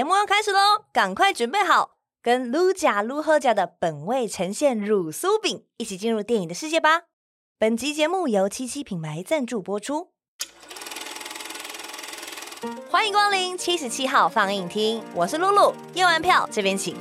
節目要開始嘍，趕快準備好，跟乳加乳黑家的本味呈現乳酥餅一起進入電影的世界吧！本集節目由七七品牌贊助播出，歡迎光臨七十七號放映廳，我是露露，驗完票這邊請。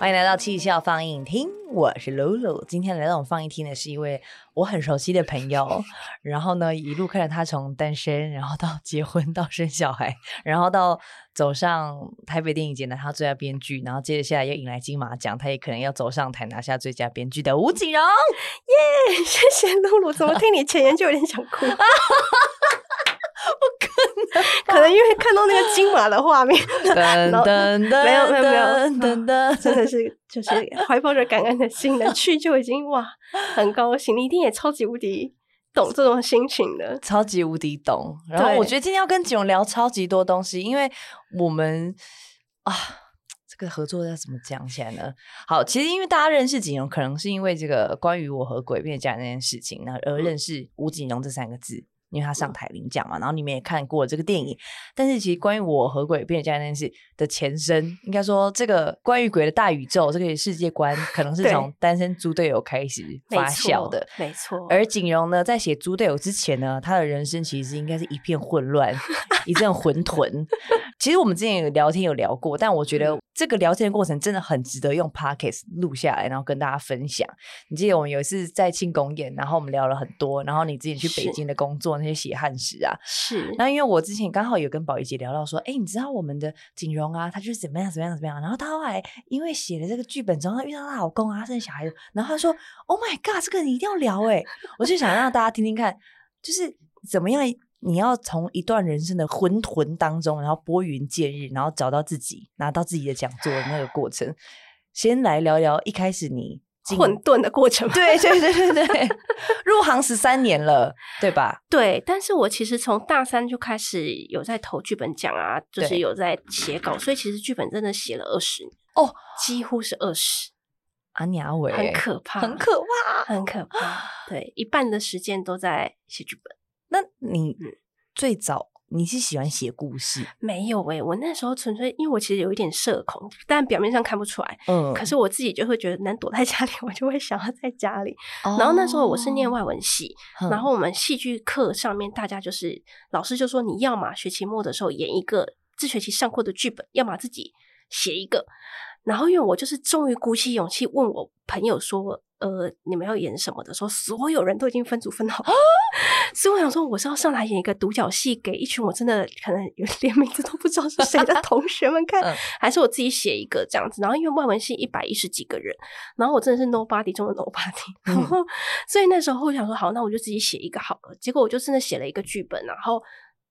歡迎來到77號放映廳，我是露露。今天來到我們放映廳的是一位我很熟悉的朋友， 然後呢，一路看着他從單身，然後到結婚，到生小孩，然後到走上台北電影節拿他最佳編劇，然後接着下來又引來金馬獎，他也可能要走上台拿下最佳編劇的吳瑾蓉。耶、yeah！謝謝露露，怎麼聽你前言就有點想哭啊。 可能因為看到那個金馬的畫面，沒有沒有沒有，真的是就是懷抱着感恩的心去，就已經哇，很高興。你一定也超級無敵懂這種心情的，超級無敵懂。然後我覺得今天要跟瑾蓉聊超級多東西，因為我們啊，這個合作要怎麼講起來呢？好，其實因為大家認識瑾蓉，可能是因為這個關於我和鬼變成家人的那件事情，那而認識吳瑾蓉這三個字。因為他上台領獎嘛、嗯，然後你們也看過這個電影，但是其實關於我和鬼變成家人的那件事的前身，應該說這個關於鬼的大宇宙這個世界觀，可能是從單身豬隊友開始發酵的。沒錯。而瑾蓉呢，在寫豬隊友之前呢，他的人生其實應該是一片混亂， 一陣混沌。 其實我們之前有聊天有聊過，但我覺得這個聊天的過程真的很值得用 podcast 錄下來，然後跟大家分享。你記得我們有一次在慶功宴，然後我們聊了很多，然後你之前去北京的工作。那些血汗史啊，是。那因為我之前剛好有跟寶儀姐聊到說，哎、欸，你知道我們的瑾蓉啊，他就是怎麼樣怎麼樣怎麼樣。然後他後來因為寫了這個劇本之後，遇到他老公啊，生小孩然後他說 ：“Oh my god，這個你一定要聊。”哎，我就想讓大家聽聽看，就是怎麼樣，你要從一段人生的渾沌當中，然後撥雲見日，然後找到自己，拿到自己的獎座的那個過程。 先來聊一聊一開始你。混沌的過程 對對對對對，入行十三年了，對吧？ 對，但是我其實從大三就開始有在投劇本獎啊，就是有在寫稿，所以其實劇本真的寫了二十年哦，幾乎是二十。啊，你阿偉很可怕，很可怕，很可怕， 對，一半的時間都在寫劇本。那你最早、嗯？你是喜歡寫故事？沒有誒、欸，我那時候純粹因為我其實有一點社恐，但表面上看不出來。嗯，可是我自己就會覺得，能躲在家裡，我就會想要在家裡。嗯、然後那時候我是念外文系，哦、然後我們戲劇課上面，大家就是老師就說，你要嘛學期末的時候演一個這學期上過的劇本，要麼自己寫一個。然後，因為我就是終於鼓起勇氣問我朋友說：“呃，你們要演什麼的？”說所有人都已經分組分好，呵，所以我想說我是要上來演一個獨角戲給一群我真的可能連名字都不知道是誰的同學們看， 嗯，還是我自己寫一個這樣子。然後，因為外文系一百一十幾個人，然後我真的是 nobody 中的 nobody，嗯，然後所以那時候我想說好，那我就自己寫一個好了。結果我就真的寫了一個劇本，然後。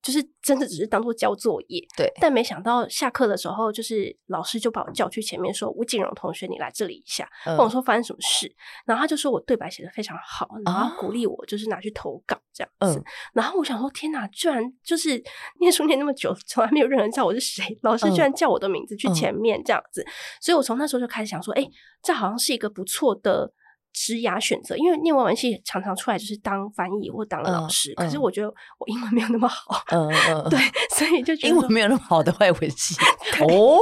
就是真的只是當做交作業，對。但沒想到下課的時候，就是老師就把我叫去前面說，說吳瑾蓉同學，你來這裡一下，跟我說發生什麼事。然後他就說我對白寫得非常好，然後鼓勵我就是拿去投稿這樣子、嗯。然後我想說天哪，居然就是念書念那麼久，從來沒有任何人知道我是誰，老師居然叫我的名字去前面這樣子。嗯嗯、所以我從那時候就開始想說，哎、欸，這好像是一個不錯的職涯選擇，因為念外文，文系常常出來就是當翻譯或當了老師、嗯嗯，可是我覺得我英文沒有那麼好，嗯嗯，對嗯，所以就覺得英文沒有那麼好的外文系 哦，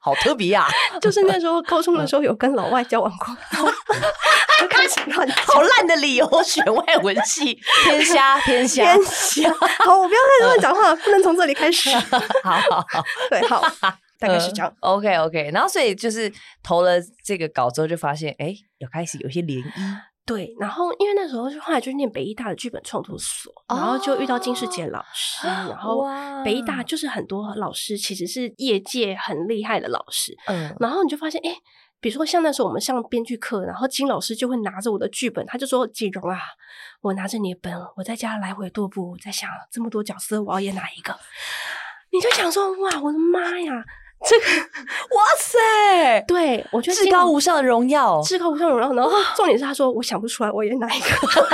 好特別呀、啊！就是那時候、嗯、高中的時候有跟老外交往過，嗯然後嗯、 好爛的理由選外文系， 天瞎天瞎天瞎，天下 好，我不要再這樣講話、嗯，不能從這裡開始， 好好好，對，好。 大概是這樣。Uh, OK OK，然後所以就是投了這個稿之後，就發現誒、欸、有開始有些漣漪、嗯。對，然後因為那時候就後來就念北藝大的劇本創作所，oh, 然後就遇到金士傑老師，哦、然後北藝大就是很多老師其實是業界很厲害的老師。嗯，然後你就發現哎，比如說像那時候我們上編劇課，然後金老師就會拿着我的劇本，他就說：“瑾蓉啊，我拿着你的本，我在家來回踱步，在想這麼多角色，我要演哪一個？”你就想說：“哇，我的媽呀！”這個，哇塞！對，我覺得至高無上的榮耀，至高無上榮耀然後重點是他說，我想不出來我演哪一個，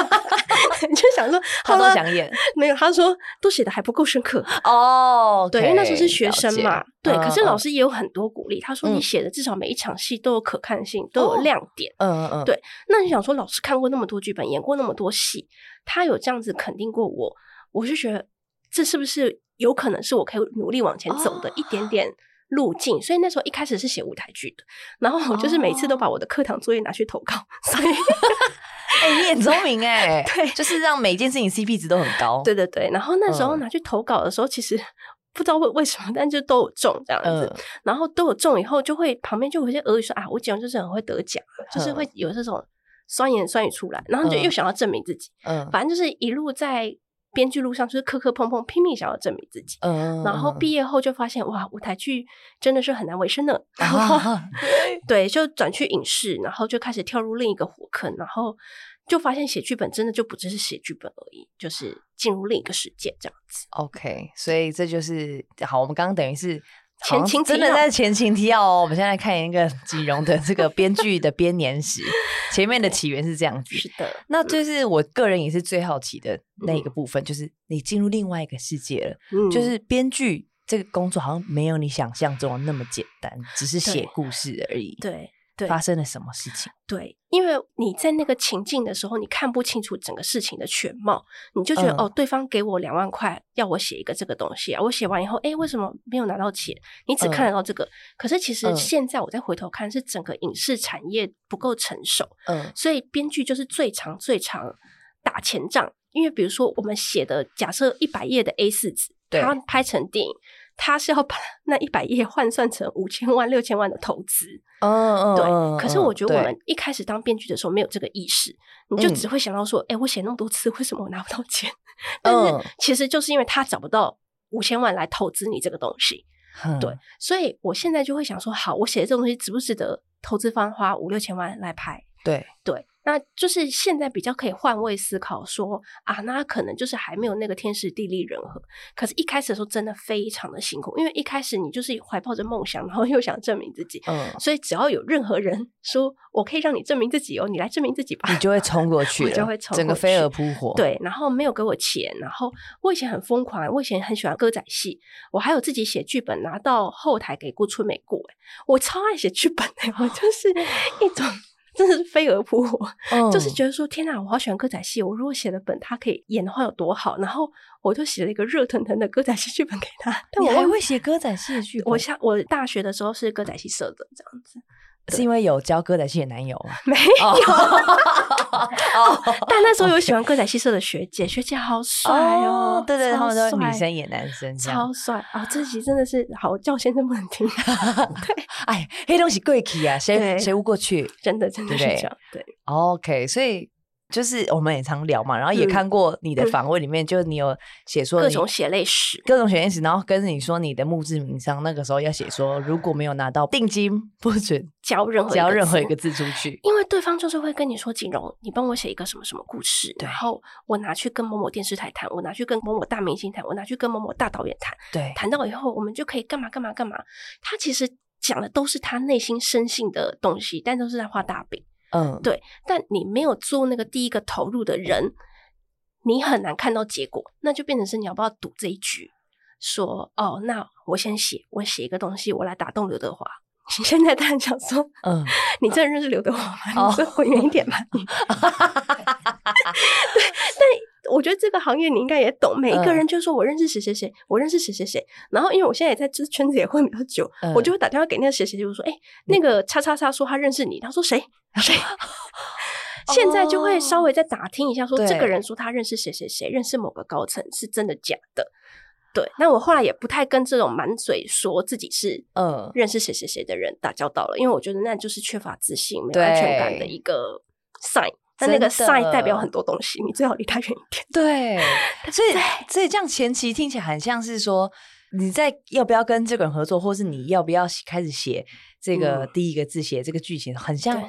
你就想說，好多想演沒有？他說都寫的還不夠深刻哦。Oh, okay, 對，因為那時候是學生嘛。對，可是老師也有很多鼓勵、嗯。他說你寫的至少每一場戲都有可看性，嗯、都有亮點。嗯嗯嗯。對、嗯，那你想說，老師看過那麼多劇本，演過那麼多戲，他有這樣子肯定過我，我就覺得這是不是有可能是我可以努力往前走的一點點、哦？路徑，所以那時候一開始是寫舞台劇的，然後我就是每次都把我的課堂作業拿去投稿，所以，哎，你也聰明哎、欸，對，就是讓每件事情 CP 值都很高，對對對。然後那時候拿去投稿的時候，嗯、其實不知道為為什麼，但就都有中這樣子、嗯，然後都有中以後，就會旁邊就有些耳語說啊，我講就是很會得獎，就是會有這種酸言酸語出來，然後就又想要證明自己，嗯，嗯反正就是一路在。編劇路上就是磕磕碰碰，拼命想要證明自己。嗯，然後畢業後就發現哇，舞台劇真的是很難維生的。然後，啊、 對，就轉去影視，然後就開始跳入另一個火坑，然後就發現寫劇本真的就不只是寫劇本而已，就是進入另一個世界這樣子。OK，所以這就是好，我們剛剛等於是。前情提要。真的在前情提要哦， 我們現在看一個瑾蓉的這個編劇的編年史，前面的起源是這樣子，是是是是這是、嗯。是的，那就是我個人也是最好奇的那一個部分，就是你進入另外一個世界了。嗯，就是編劇這個工作好像沒有你想象中那麼簡單，只是寫故事而已，對。對。發生了什麼事情？對，因為你在那個情境的時候，你看不清楚整個事情的全貌，你就覺得、嗯、哦，對方給我兩萬塊，要我寫一個這個東西啊，我寫完以後，哎、欸，為什麼沒有拿到錢？你只看得到這個，嗯、可是其實現在我再回頭看、嗯，是整個影視產業不夠成熟，嗯，所以編劇就是最長最長打前仗。因為比如說我們寫的假設一百頁的 A 四紙，它拍成電影。他是要把那一百頁換算成五千萬、六千萬的投資，嗯、oh, oh,，oh, oh, oh, oh, oh, 對。可是我覺得我們一開始當編劇的時候沒有這個意識，你就只會想到說：“哎、嗯欸，我寫那麼多次，為什麼我拿不到錢？” oh. 但是其實就是因為他找不到五千萬來投資你這個東西， 對。所以我現在就會想說：“好，我寫的這種東西值不值得投資方花五六千萬來拍？”對對。那就是現在比較可以換位思考說，說啊，那可能就是還沒有那個天時地利人和。可是，一開始的時候真的非常的辛苦，因為一開始你就是懷抱着夢想，然後又想證明自己，嗯，所以只要有任何人說我可以讓你證明自己哦，你來證明自己吧，你就會衝過去了，你就會衝過去整個飛蛾撲火。對，然後沒有給我錢，然後我以前很瘋狂，我以前很喜歡歌仔戲，我還有自己寫劇本拿到後台給顧春美過，我超愛寫劇本的，我就是一種。 真的是飛蛾撲火，就是覺得說天哪、啊，我好喜歡歌仔戲，我如果寫了本他可以演的話有多好，然後我就寫了一個熱騰騰的歌仔戲劇本給他。你還會寫歌仔戲劇本？我下我大學的時候是歌仔戲社的這樣子。是因為有教歌仔戲的男友沒有、？ 哦，但那時候有喜歡歌仔戲社的學姐， 學姐好帥哦，哦！對對，然後呢，女生演男生，超帥啊！這、哦、集真的是好叫先生不能聽， 對，哎，黑東西貴氣啊，誰誰無過去，真的真的是對，對，對，OK，所以。就是我們也常聊嘛，然後也看過你的訪問裡面，嗯，就你有寫說各種血淚史，各種血淚史。然後跟你說你的墓誌銘上，那個時候要寫說，如果沒有拿到定金，不准交任何交任何一個字出去。因為對方就是會跟你說：“瑾蓉，你幫我寫一個什麼什麼故事。”對，然後我拿去跟某某電視台談，我拿去跟某某大明星談，我拿去跟某某大導演談。對，談到以後，我們就可以幹嘛幹嘛幹嘛。他其實講的都是他內心深信的東西，但都是在畫大餅。嗯， 對，但你沒有做那個第一個投入的人，你很難看到結果，那就變成是你要不要賭這一局？說哦，那我先寫，我寫一個東西，我來打動劉德華。你 現在當然想說，嗯， 你真的認識劉德華嗎？你再滾遠一點吧。對，那。我覺得這個行業你應該也懂。每一個人就說我認識誰誰誰，嗯、我認識誰誰誰。然後因為我現在也在這圈子，也會比較久，嗯、我就會打電話給那個誰誰，就是說：“哎、欸，那個叉叉叉說他認識你，他說誰誰。 哦”現在就會稍微再打聽一下，說這個人說他認識誰誰誰，認識某個高層是真的假的？對。那我後來也不太跟這種滿嘴說自己是嗯認識誰誰誰的人，嗯、打交道了，因為我覺得那就是缺乏自信，對沒安全感的一個 sign。那，那個 size 代表很多東西，你最好離他遠一點。對， 對，所以所以這樣前期聽起來很像是說，你在要不要跟這個人合作，或是你要不要開始寫這個第一個字，寫這個劇情、嗯，很像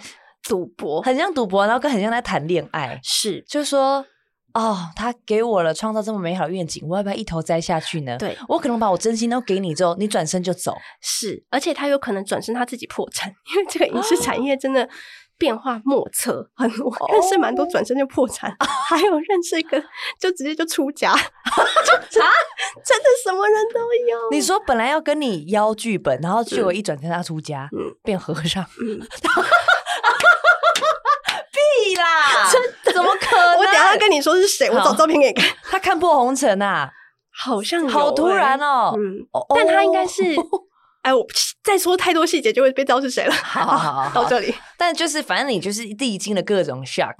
賭博，很像賭博，博，然後跟很像在談戀愛。是，就是說，哦，他給我了創造這麼美好的願景，我要不要一頭栽下去呢？對，我可能把我真心都給你之後，你轉身就走。是，而且他有可能轉身他自己破產， 因為這個影視產業真的。 變化莫測，很但是蠻多轉身就破產，哦，還有認識一個就直接就出家， 啊， 真的什麼人都有。你說本來要跟你邀劇本，然後結果一轉身他出家，嗯、變和尚，必、嗯、 啦，真的怎麼可能？我等下要跟你說是誰，我找照片給你看。他看破紅塵啊，好像，欸、好突然哦，喔，嗯哦，但他應該是、哦。哎，我再說太多細節就會被知道是誰了。好，好，好，好，到這裡。但就是反正你就是歷經了各種 shock。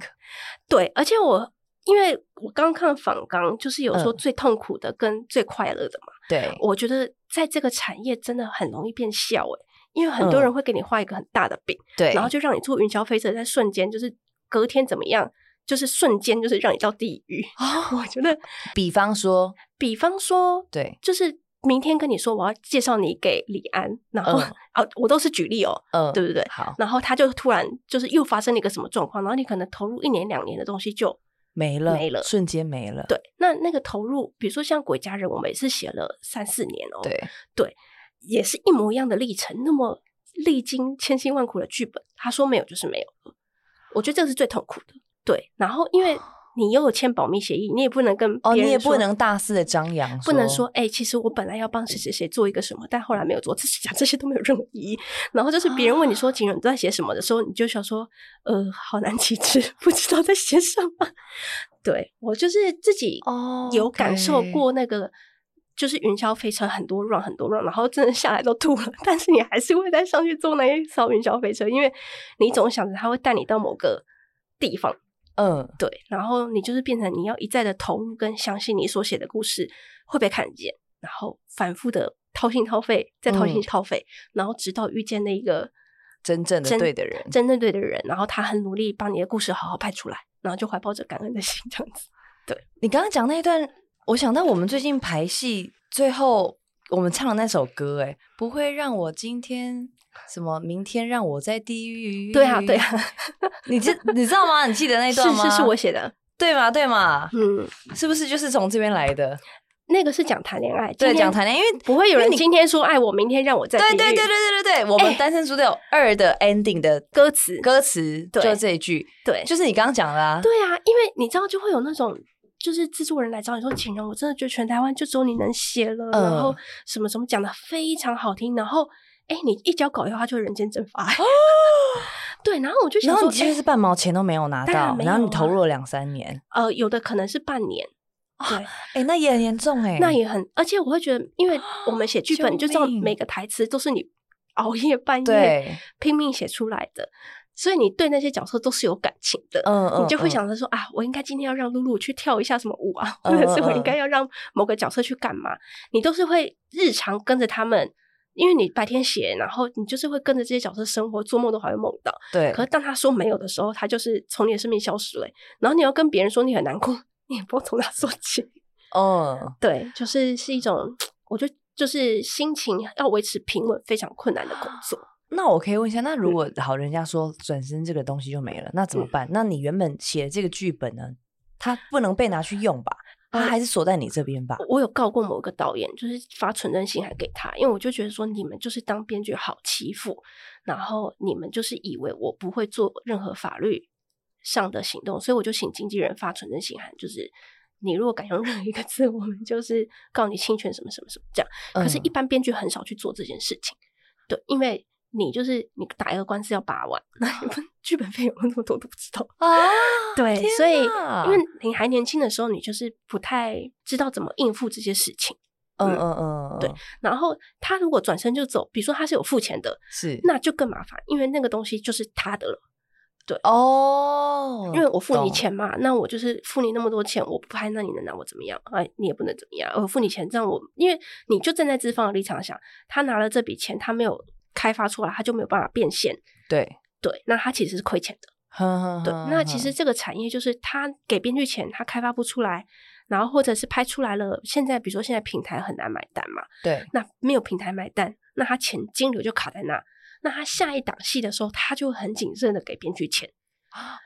對，而且我因為我剛看訪綱，就是有說最痛苦的跟最快樂的嘛、嗯。對，我覺得在這個產業真的很容易變笑哎、嗯，因為很多人會給你畫一個很大的餅，對，然後就讓你坐雲霄飛車，在瞬間就是隔天怎麼樣，就是瞬間就是讓你到地獄哦，我覺得，比方說，比方說，對，就是。明天跟你說，我要介紹你給李安，然後哦、嗯啊，我都是舉例哦、嗯，對不對？好，然後他就突然就是又發生了一個什麼狀況，然後你可能投入一年兩年的東西就沒了，沒了，瞬間沒了。對，那那個投入，比如說像《鬼家人》，我們也是寫了三四年哦，對，對，也是一模一樣的歷程。那麼歷經千辛萬苦的劇本，他說沒有就是沒有了。我覺得這個是最痛苦的。對，然後因為。你又有簽保密協議，你也不能跟別人哦，你也不能大肆的張揚，不能說哎、欸，其實我本來要幫誰誰誰做一個什麼、嗯，但後來沒有做，自己講這些都沒有任何意義。然後就是別人問你說“瑾蓉、哦、都在寫什麼”的時候，你就想說，呃，好難啟齒，不知道在寫什麼。對，我就是自己哦，有感受過那個，哦 okay、就是雲霄飛車很多 round 很多 round，然後真的下來都吐了，但是你還是會再上去坐那一艘雲霄飛車，因為你總想着他會帶你到某個地方。嗯，對，然後你就是變成你要一再的投入跟，相信你所寫的故事會被看見，然後反覆的掏心掏肺，再掏心掏肺，嗯、然後直到遇見那一個真、真正的對的人，真正對的人，然後他很努力把你的故事好好拍出來，然後就懷抱着感恩的心這樣子。對。你剛剛講那一段，我想到我們最近排戲最後我們唱的那首歌，哎，不會讓我今天。什麼？明天讓我在地獄？對啊，對啊， 你知你知道嗎？你記得那段嗎？ 是,是是我寫的，對嗎？對嗎？嗯，是不是就是從這邊來的？那個是講談戀愛，對，講談戀愛，因為,因為不會有人今天說愛我，明天讓我在地獄對,對對對對對對對，欸、我們單身族都有二的 ending 的歌詞，欸、歌詞對就這一句，對，就是你剛剛講的啊。對啊，因為你知道，就會有那種，就是制作人來找你說，瑾蓉，我真的覺得全台灣就只有你能寫了，嗯、然後什麼什麼講得非常好聽，然後。哎、欸，你一交稿的話就人間蒸發，哦、 對。然後我就想說，然後你其實是半毛錢都沒有拿到，然，啊、然後你投入了兩三年，呃，有的可能是半年，對。哎、哦欸，那也很嚴重哎、欸，那也很。而且我會覺得，因為我們寫劇本，就知道每個台詞都是你熬夜半夜拼命寫出來的，所以你對那些角色都是有感情的，嗯嗯。你就會想着說、嗯、啊，我應該今天要讓露露去跳一下什麼舞啊，嗯、或者是我應該要讓某個角色去幹嘛、嗯嗯，你都是會日常跟着他們。因為你白天寫，然後你就是會跟着這些角色生活，做夢都還會夢到。對。可是當他說沒有的時候，他就是從你的生命消失了。然後你要跟別人說你很難過，你也不知道從何說起。哦、嗯，對，就是是一種，我覺得就是心情要維持平穩非常困難的工作。那我可以問一下，那如果好人家說轉身這個東西就沒了，那怎麼辦？嗯、那你原本寫的這個劇本呢，它不能被拿去用吧？他還是鎖在你這邊吧。我有告過某個導演，就是發存證信函給他，因為我就覺得說你們就是當編劇好欺負，然後你們就是以為我不會做任何法律上的行動，所以我就請經紀人發存證信函，就是你如果敢用任何一個字，我們就是告你侵權什麼什麼什麼這樣。可是，一般編劇很少去做這件事情，對，因為。你就是你打一個官司要八萬，那 劇本劇本費有那麼多都不知道啊。 對，所以因為你還年輕的時候，你就是不太知道怎麼應付這些事情。嗯嗯嗯，對嗯。然後他如果轉身就走，比如說他是有付錢的，是，那就更麻煩，因為那個東西就是他的了。對哦，因為我付你錢嘛，那我就是付你那麼多錢，我不拍，那你能拿我怎麼樣？哎，你也不能怎麼樣。我付你錢，這樣我，因為你就站在資方的立場想，他拿了這筆錢，他沒有。開發出來，他就沒有辦法變現，對對，那他其實是虧錢的。呵呵呵，對，那其實這個產業就是他給編劇錢，他開發不出來，然後或者是拍出來了，現在比如說現在平台很難買單嘛，對，那沒有平台買單，那他錢金流就卡在那，那他下一檔戲的時候，他就很謹慎的給編劇錢。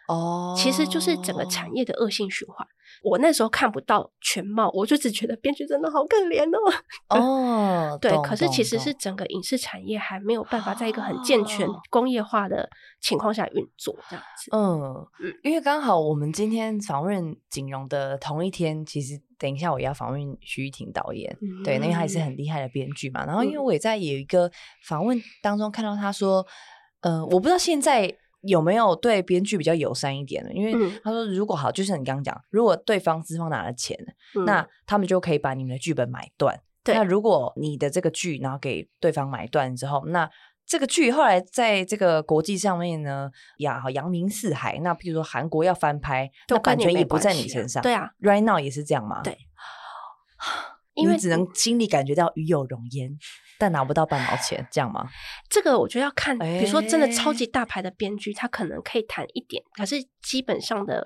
哦、oh,，其實就是整個產業的惡性循環。Oh, 我那時候看不到全貌，我就只覺得編劇真的好可憐哦。哦、 oh, 對，可是其實是整個影視產業還沒有辦法在一個很健全工業化的情況下運作、oh. 這樣子。嗯，嗯，因為剛好我們今天訪問瑾蓉的同一天，其實等一下我也要訪問徐譽庭導演、嗯，對，那她也是很厲害的編劇嘛。然後因為我也在有一個訪問當中看到他說，嗯，呃、我不知道現在。有沒有對編劇比較友善一點的？因為他說，如果好，嗯、就像、是、你剛剛講，如果對方資方拿了錢、嗯，那他們就可以把你們的劇本買斷。那如果你的這個劇，然後給對方買斷之後，那這個劇後來在這個國際上面呢，呀好揚名四海。那比如說韓國要翻拍，那版權也不在你身上。對啊，Right now 也是這樣嘛。對，因為你只能心裡感覺到與有榮焉。但拿不到半毛錢，這樣嗎？這個我覺得要看，欸、比如說真的超級大牌的編劇，他可能可以談一點，可是基本上的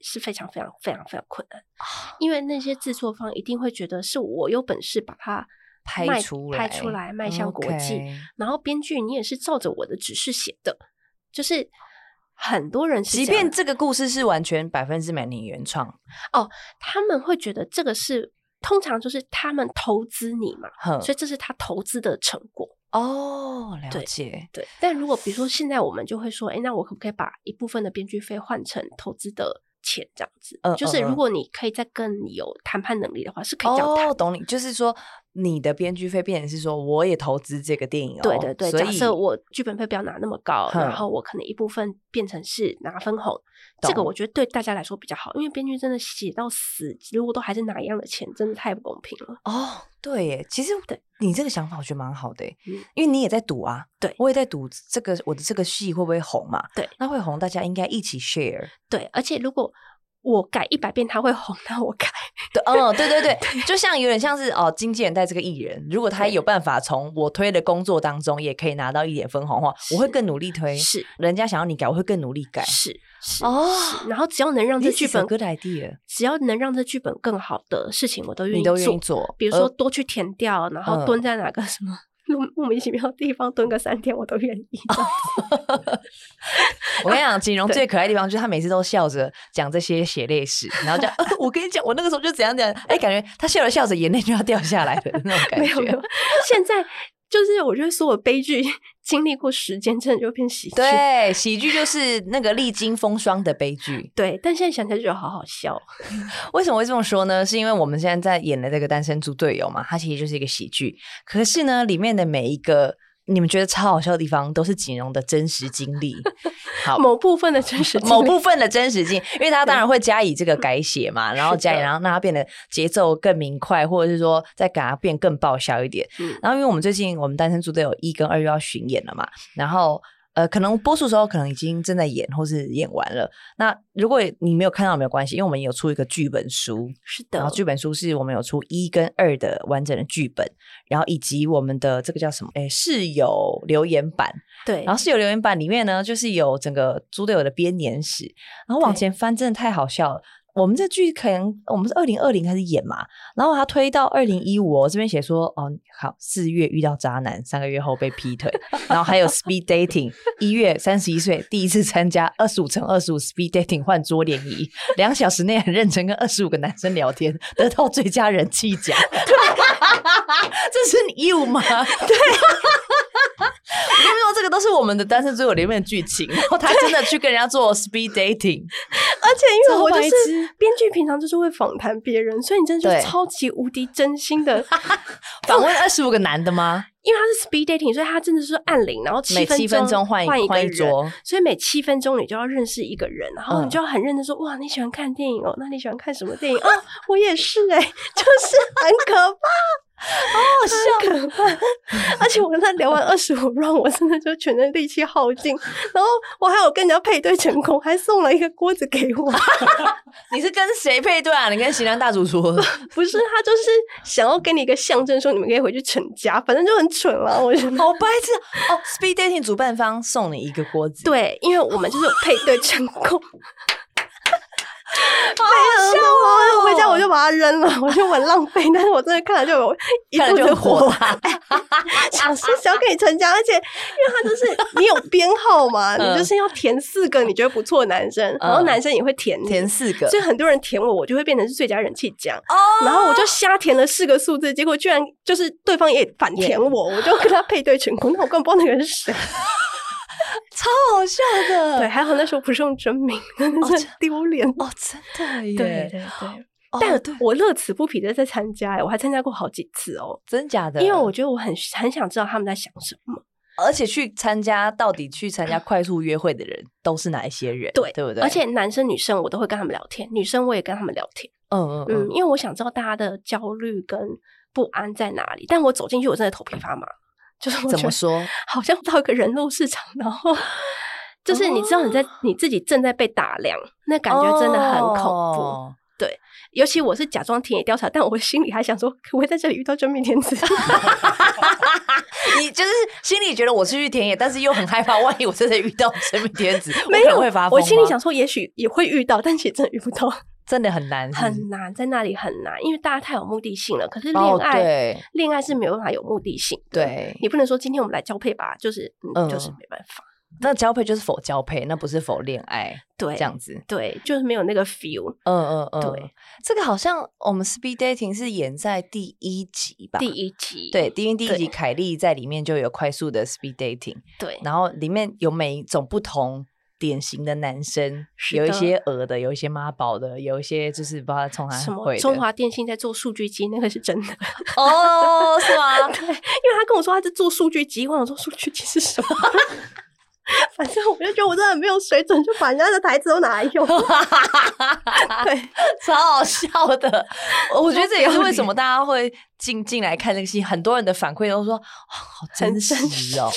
是非常非常非常非常困難，哦、因為那些制作方一定會覺得是我有本事把它拍出來拍出來，賣向國際，嗯 okay，然後編劇你也是照着我的指示寫的，就是很多人即便這個故事是完全百分之百你原創哦，他們會覺得這個是。通常就是他們投資你嘛，所以這是他投資的成果哦。了解對，對。但如果比如說，現在我們就會說，哎、欸，那我可不可以把一部分的編劇費換成投資的錢這樣子，嗯嗯嗯。就是如果你可以再跟你有談判能力的話，是可以講的。哦，懂你，就是說。你的編劇費變成是說我也投資這個電影、哦，對對對。假設我劇本費不要拿那麼高、嗯，然後我可能一部分變成是拿分紅，這個我覺得對大家來說比較好，因為編劇真的寫到死，如果都還是拿一樣的錢，真的太不公平了。哦，對耶，其實對，你這個想法我覺得蠻好的，因為你也在賭啊，對，我也在賭這個我的這個戲會不會紅嘛，對，那會紅，大家應該一起 share，對，而且如果。我改一百遍他會紅，那我改。哦、嗯，對對對，對，就像有點像是哦，經紀人帶這個藝人，如果他有辦法從我推的工作當中也可以拿到一點分紅的話，我會更努力推。是，人家想要你改，我會更努力改。是是哦是，然後只要能讓這劇本，Good idea，只要能讓這劇本更好的事情，我都願意，你都願意做。比如說多去填掉、呃，然後蹲在哪個什麼。嗯莫名其妙地方蹲個三天我都願意。 我跟你講，瑾蓉最可愛的地方就是他每次都笑着講這些血淚史，然後講、呃，我跟你講，我那個時候就怎樣怎樣，哎、欸，感覺他笑着笑着眼淚就要掉下來了的那種感覺。 沒有，沒有，現在就是我就會所有悲劇。經歷過時間，真的就變喜劇。對，喜劇就是那個歷經風霜的悲劇。 對，但現在想起來就覺得好好笑。 為什麼會這麼說呢？是因為我們現在在演的這個《單身豬隊友》嘛，它其實就是一個喜劇。可是呢，裡面的每一個。你們覺得超好笑的地方，都是瑾蓉的真實經歷，好 某部分的真實經 某部分的真實經歷，因為他當然會加以這個改寫嘛，然後加以然後讓他變得節奏更明快，或者是說再改他變更爆笑一點。然後因為我們最近我們單身組隊有一跟二又要巡演了嘛，然後。呃，可能播出時候可能已經正在演，或是演完了。那如果你沒有看到，沒有關係，因為我們有出一個劇本書，是的。然後劇本書是我們有出一跟二的完整的劇本，然後以及我們的這個叫什麼？誒，室友留言板。對，然後室友留言板裡面呢，就是有整個豬隊友的編年史，然後往前翻，真的太好笑了。我們這劇可能我們是二零二零開始演嘛，然後他推到二零一五哦，這邊寫說哦好，四月遇到渣男，三個月後被劈腿，然後還有 speed dating，一月三十一歲第一次參加二十五乘二十五 speed dating 換桌聯誼，兩小時內很認真跟二十五個男生聊天，得到最佳人氣獎。 這是你 you 對。 嗎？對。都是我們的單身最我裡面的劇情，然後他真的去跟人家做 speed dating，而且因為我就是編劇，平常就是會訪談別人，所以你真的就是超級無敵真心的訪問二十五個男的嗎？因為他是 speed dating，所以他真的是按鈴，然後七分鐘換每七分鐘換換一桌，所以每七分鐘你就要認識一個人，然後你就要很認真說、嗯、哇，你喜歡看電影哦？那你喜歡看什麼電影 啊？我也是哎、欸，就是很可怕。 好、oh, 笑，而且我跟他聊完二十五回合，我真的就全身力氣耗盡。然後我還有跟人家配對成功，還送了一個鍋子給我。 你是跟誰配對啊？你跟西南大主說， 不是，他就是想要給你一個象徵，說你們可以回去成家，反正就很蠢了。我覺得好白痴哦！Speed Dating 主辦方送你一個鍋子，對，因為我們就是有配對成功。Oh. 好笑、哦哎、呀，我，回家我就把它扔了，我就得很浪費。但是我真的看了就有一看就會火了，了活了 哎、 想說小可以成家，而且因為他就是 你有編號嘛，你就是要填四個你覺得不錯的男生、嗯，然後男生也會填，填四個，所以很多人填我，我就會變成是最佳人氣獎哦。然後我就瞎填了四個數字，結果居然就是對方也反填我，yeah. 我就跟他配對成功。那 我根本不知道那個人是誰。超好笑的，對，還好那時候不是用真名，真的丟臉哦，真的耶，對對對，對，但我樂此不疲的在參加，我還參加過好幾次哦、喔，真的假的？因為我覺得我很很想知道他們在想什麼，而且去參加到底去參加快速約會的人都是哪一些人？ 對，對不對？而且男生女生我都會跟他們聊天，女生我也跟他們聊天，嗯嗯嗯，嗯因為我想知道大家的焦慮跟不安在哪裡，但我走進去我真的頭皮發麻。就是怎麼說，好像到一個人肉市場，然後就是你知道你在、oh. 你自己正在被打量，那感覺真的很恐怖。Oh. 對，尤其我是假裝田野調查，但我心裡還想說，我會在這裡遇到真命天子。 你就是心裡覺得我是去田野，但是又很害怕，萬一我真的遇到真命天子， 沒有，會發瘋。我心裡想說，也許也會遇到，但其實真的遇不到。真的很難，是不是？很難，在那裡很難，因為大家太有目的性了。可是戀愛、戀愛，哦，戀愛是沒有辦法有目的性的。對，你不能說今天我們來交配吧，就是，嗯、就是沒辦法。那交配就是否交配，那不是否戀愛。對，這樣子，對，就是沒有那個 feel 嗯。嗯嗯嗯，對。這個好像我們 speed dating 是演在第一集吧？第一集，對，因為第一集凱莉在裡面就有快速的 speed dating。對，然後裡面有每一種不同。典型的男生，有一些鵝的，有一些媽寶的、的，有一些就是不知道從來什麼？中華電信在做數據機，那個是真的哦，oh, 是嗎？對，因為他跟我說他在做數據機，我想說數據機是什麼？ 反正我就覺得我真的沒有水準，就把人家的台詞都拿來用， 對，超好笑的。 我覺得這也是為什麼大家會進進來看這個戲，很多人的反饋都說、哦、好真，哦真實哦，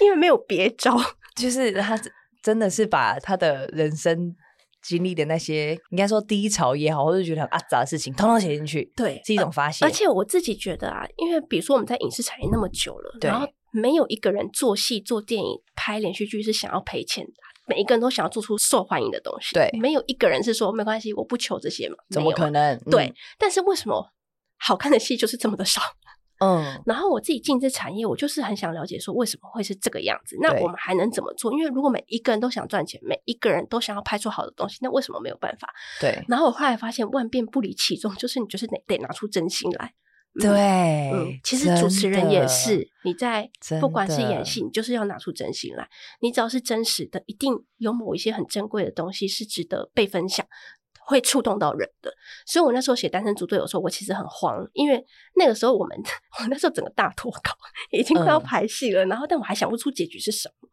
因為沒有別招，就是他。真的是把他的人生經歷的那些，應該說低潮也好，或者覺得很阿雜的事情，通通寫進去，對，是一種發洩。而且我自己覺得啊，因為比如說我們在影視產業那麼久了，然後沒有一個人做戲、做電影、拍連續劇是想要賠錢的，每一個人都想要做出受歡迎的東西，對，沒有一個人是說沒關係，我不求這些嘛，啊、怎麼可能、嗯。對，但是為什麼好看的戲就是這麼的少？嗯，然後我自己進這產業，我就是很想了解說為什麼會是這個樣子。那我們還能怎麼做？因為如果每一個人都想賺錢，每一個人都想要拍出好的東西，那為什麼沒有辦法？對。然後我後來發現，萬變不離其宗，就是你就是得得拿出真心來。嗯。對，嗯，其實主持人也是，你在不管是演戲，你就是要拿出真心來。你只要是真實的，一定有某一些很珍貴的東西是值得被分享。會觸動到人的，所以我那時候寫《單身豬隊友》的時候，我其實很慌，因為那個時候我們，我那時候整個大脫稿，已經快要排戲了，嗯，然後但我還想不出結局是什麼，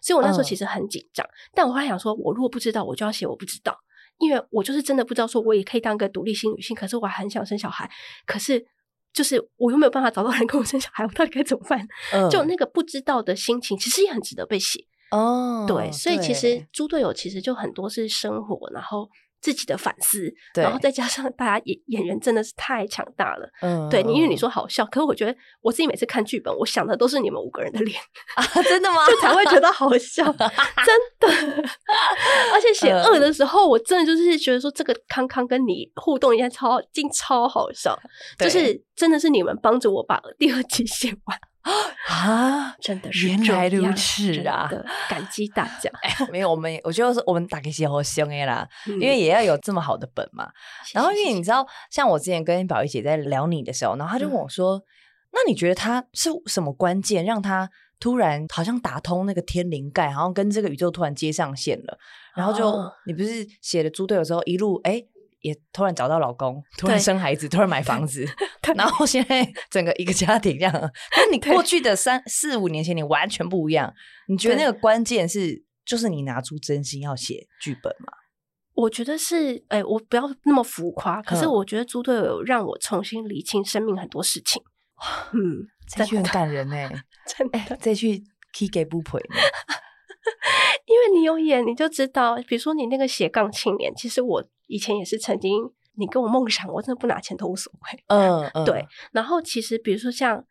所以我那時候其實很緊張。嗯，但我還想說，我如果不知道，我就要寫我不知道，因為我就是真的不知道，說我也可以當個獨立新女性，可是我很想生小孩，可是就是我又沒有辦法找到人跟我生小孩，我到底該怎麼辦？就那個不知道的心情，其實也很值得被寫哦，嗯。對，所以其實《豬隊友》其實就很多是生活，然後自己的反思，然後再加上大家演演員真的是太強大了，嗯，對，因為你說好笑，嗯，可是我覺得我自己每次看劇本，我想的都是你們五個人的臉啊，真的嗎？ 就才會覺得好笑， 真的。 而且寫二，嗯、的時候，我真的就是覺得說，這個康康跟你互動應該，超竟超好笑，就是真的是你們幫着我把第二集寫完。啊，真的是原來如此啊！啊、感激大家、 欸。沒有，我們我覺得是我們打給小熊啦， 因為也要有這麼好的本嘛。 然後因為你知道，像我之前跟寶儀姐在聊你的時候，然後她就問我說：“嗯、那你覺得她是什麼關鍵，讓她突然好像打通那個天靈蓋，然後跟這個宇宙突然接上線了？然後就、哦、你不是寫了豬隊友之後一路哎？”欸也突然找到老公，突然生孩子，突然買房子，然後現在整個一個家庭這樣。那你過去的三四五年前，你完全不一樣。你覺得那個關鍵是，就是你拿出真心要寫劇本嗎？我覺得是，哎，我不要那麼浮誇。可是我覺得《豬隊友》讓我重新理清生命很多事情。嗯，真的，這句很感人欸。真的，這句再去給不賠。因為你有演，你就知道。比如說你那個斜槓青年，其實我以前也是曾經。你跟我夢想，我真的不拿錢都無所謂。嗯，嗯。對。然後其實比如說像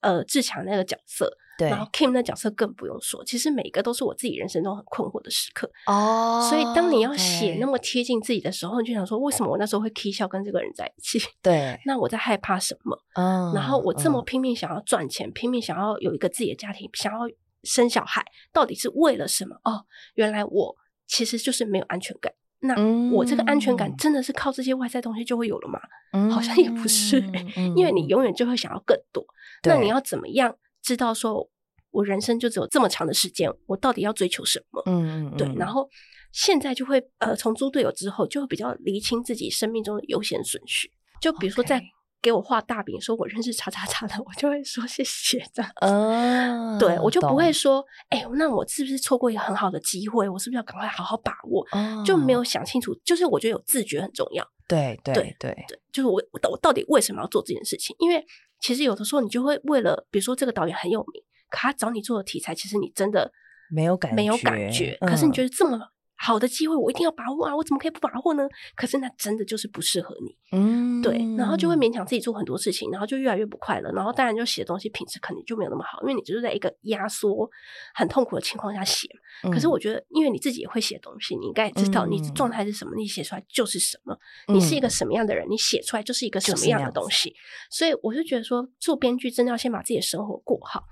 呃志強那個角色，對，然後 Kim 那角色更不用說。其實每個都是我自己人生中很困惑的時刻。哦。所以當你要寫那麼貼近自己的時候，okay, 你就想說：為什麼我那時候會哭笑跟這個人在一起？對。那我在害怕什麼？嗯。然後我這麼拼命想要賺錢，嗯、拼命想要有一個自己的家庭，想要。生小孩到底是為了什麼？哦，原來我其實就是沒有安全感。那我這個安全感真的是靠這些外在東西就會有了嗎？嗯，好像也不是，嗯，因為你永遠就會想要更多。那你要怎麼樣知道說，我人生就只有這麼長的時間，我到底要追求什麼？嗯，嗯，對。然後現在就會呃，從豬隊友之後就會比較釐清自己生命中的優先順序。就比如說在。Okay. 給我畫大餅，說我認識叉叉叉的，我就會說謝謝這樣子，嗯。對，我就不會說，哎，嗯欸，那我是不是錯過一個很好的機會？我是不是要趕快好好把握？嗯，就沒有想清楚，就是我覺得有自覺很重要。對對對對，對，就是我我我到底為什麼要做這件事情？因為其實有的時候你就會為了，比如說這個導演很有名，可他找你做的題材，其實你真的沒有感覺沒有感覺，嗯，可是你覺得這麼。好的機會我一定要把握啊！我怎麼可以不把握呢？可是那真的就是不適合你，嗯，對，然後就會勉強自己做很多事情，然後就越來越不快樂，然後當然就寫東西品質肯定就沒有那麼好，因為你就是在一個壓縮、很痛苦的情況下寫。嗯、可是我覺得，因為你自己也會寫東西，你應該也知道你的狀態是什麼、嗯，你寫出來就是什麼、嗯。你是一個什麼樣的人，你寫出來就是一個什麼樣的東西。就是、所以我就覺得說，做編劇真的要先把自己的生活過好。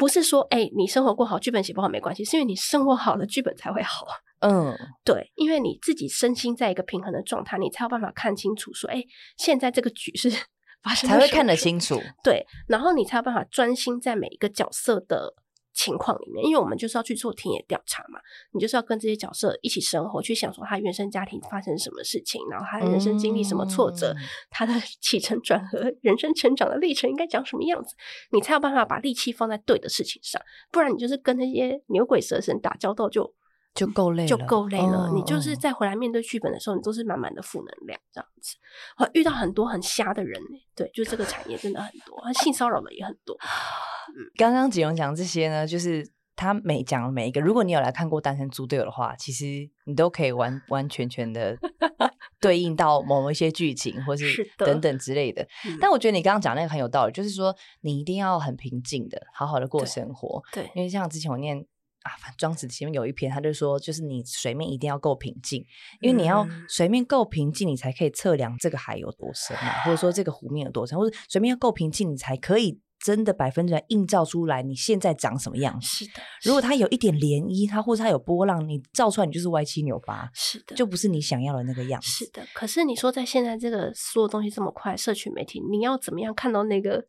不是說哎、欸，你生活過好，劇本寫不好沒關係，是因為你生活好了，劇本才會好。嗯，對，因為你自己身心在一個平衡的狀態，你才有辦法看清楚說，哎、欸，現在這個局勢發生的才會看得清楚。對，然後你才有辦法專心在每一個角色的。情況裡面，因為我們就是要去做田野調查嘛，你就是要跟這些角色一起生活，去想說他原生家庭發生什麼事情，然後他人生經歷什麼挫折，嗯、他的起承轉合、人生成長的歷程應該講什麼樣子，你才有辦法把力氣放在對的事情上，不然你就是跟那些牛鬼蛇神打交道就，就夠累了，就夠累了、嗯。你就是再回來面對劇本的時候，嗯、你都是滿滿的負能量這樣子。我遇到很多很瞎的人、欸，對，就這個產業真的很多， 性騷擾的也很多。嗯、剛剛瑾蓉講這些呢，就是他每講每一個，如果你有來看過《單身租隊友》的話，其實你都可以完完全全的對應到某一些劇情， 或是等等之類的，的、嗯。但我覺得你剛剛講的那個很有道理，就是說你一定要很平靜的，好好的過生活。對，對，因為像之前我念。啊，反正，莊子前面有一篇，他就說，就是你水面一定要夠平靜、嗯，因為你要水面夠平靜，你才可以測量這個海有多深、啊， 或者說這個湖面有多深，或者水面要夠平靜，你才可以真的百分之百映照出來你現在長什麼樣子。是的，是的，如果它有一點漣漪，它或者它有波浪，你照出來你就是歪七扭八，N8，是的，就不是你想要的那個樣子。是的，可是你說在現在這個所有東西這麼快，社群媒體，你要怎麼樣看到那個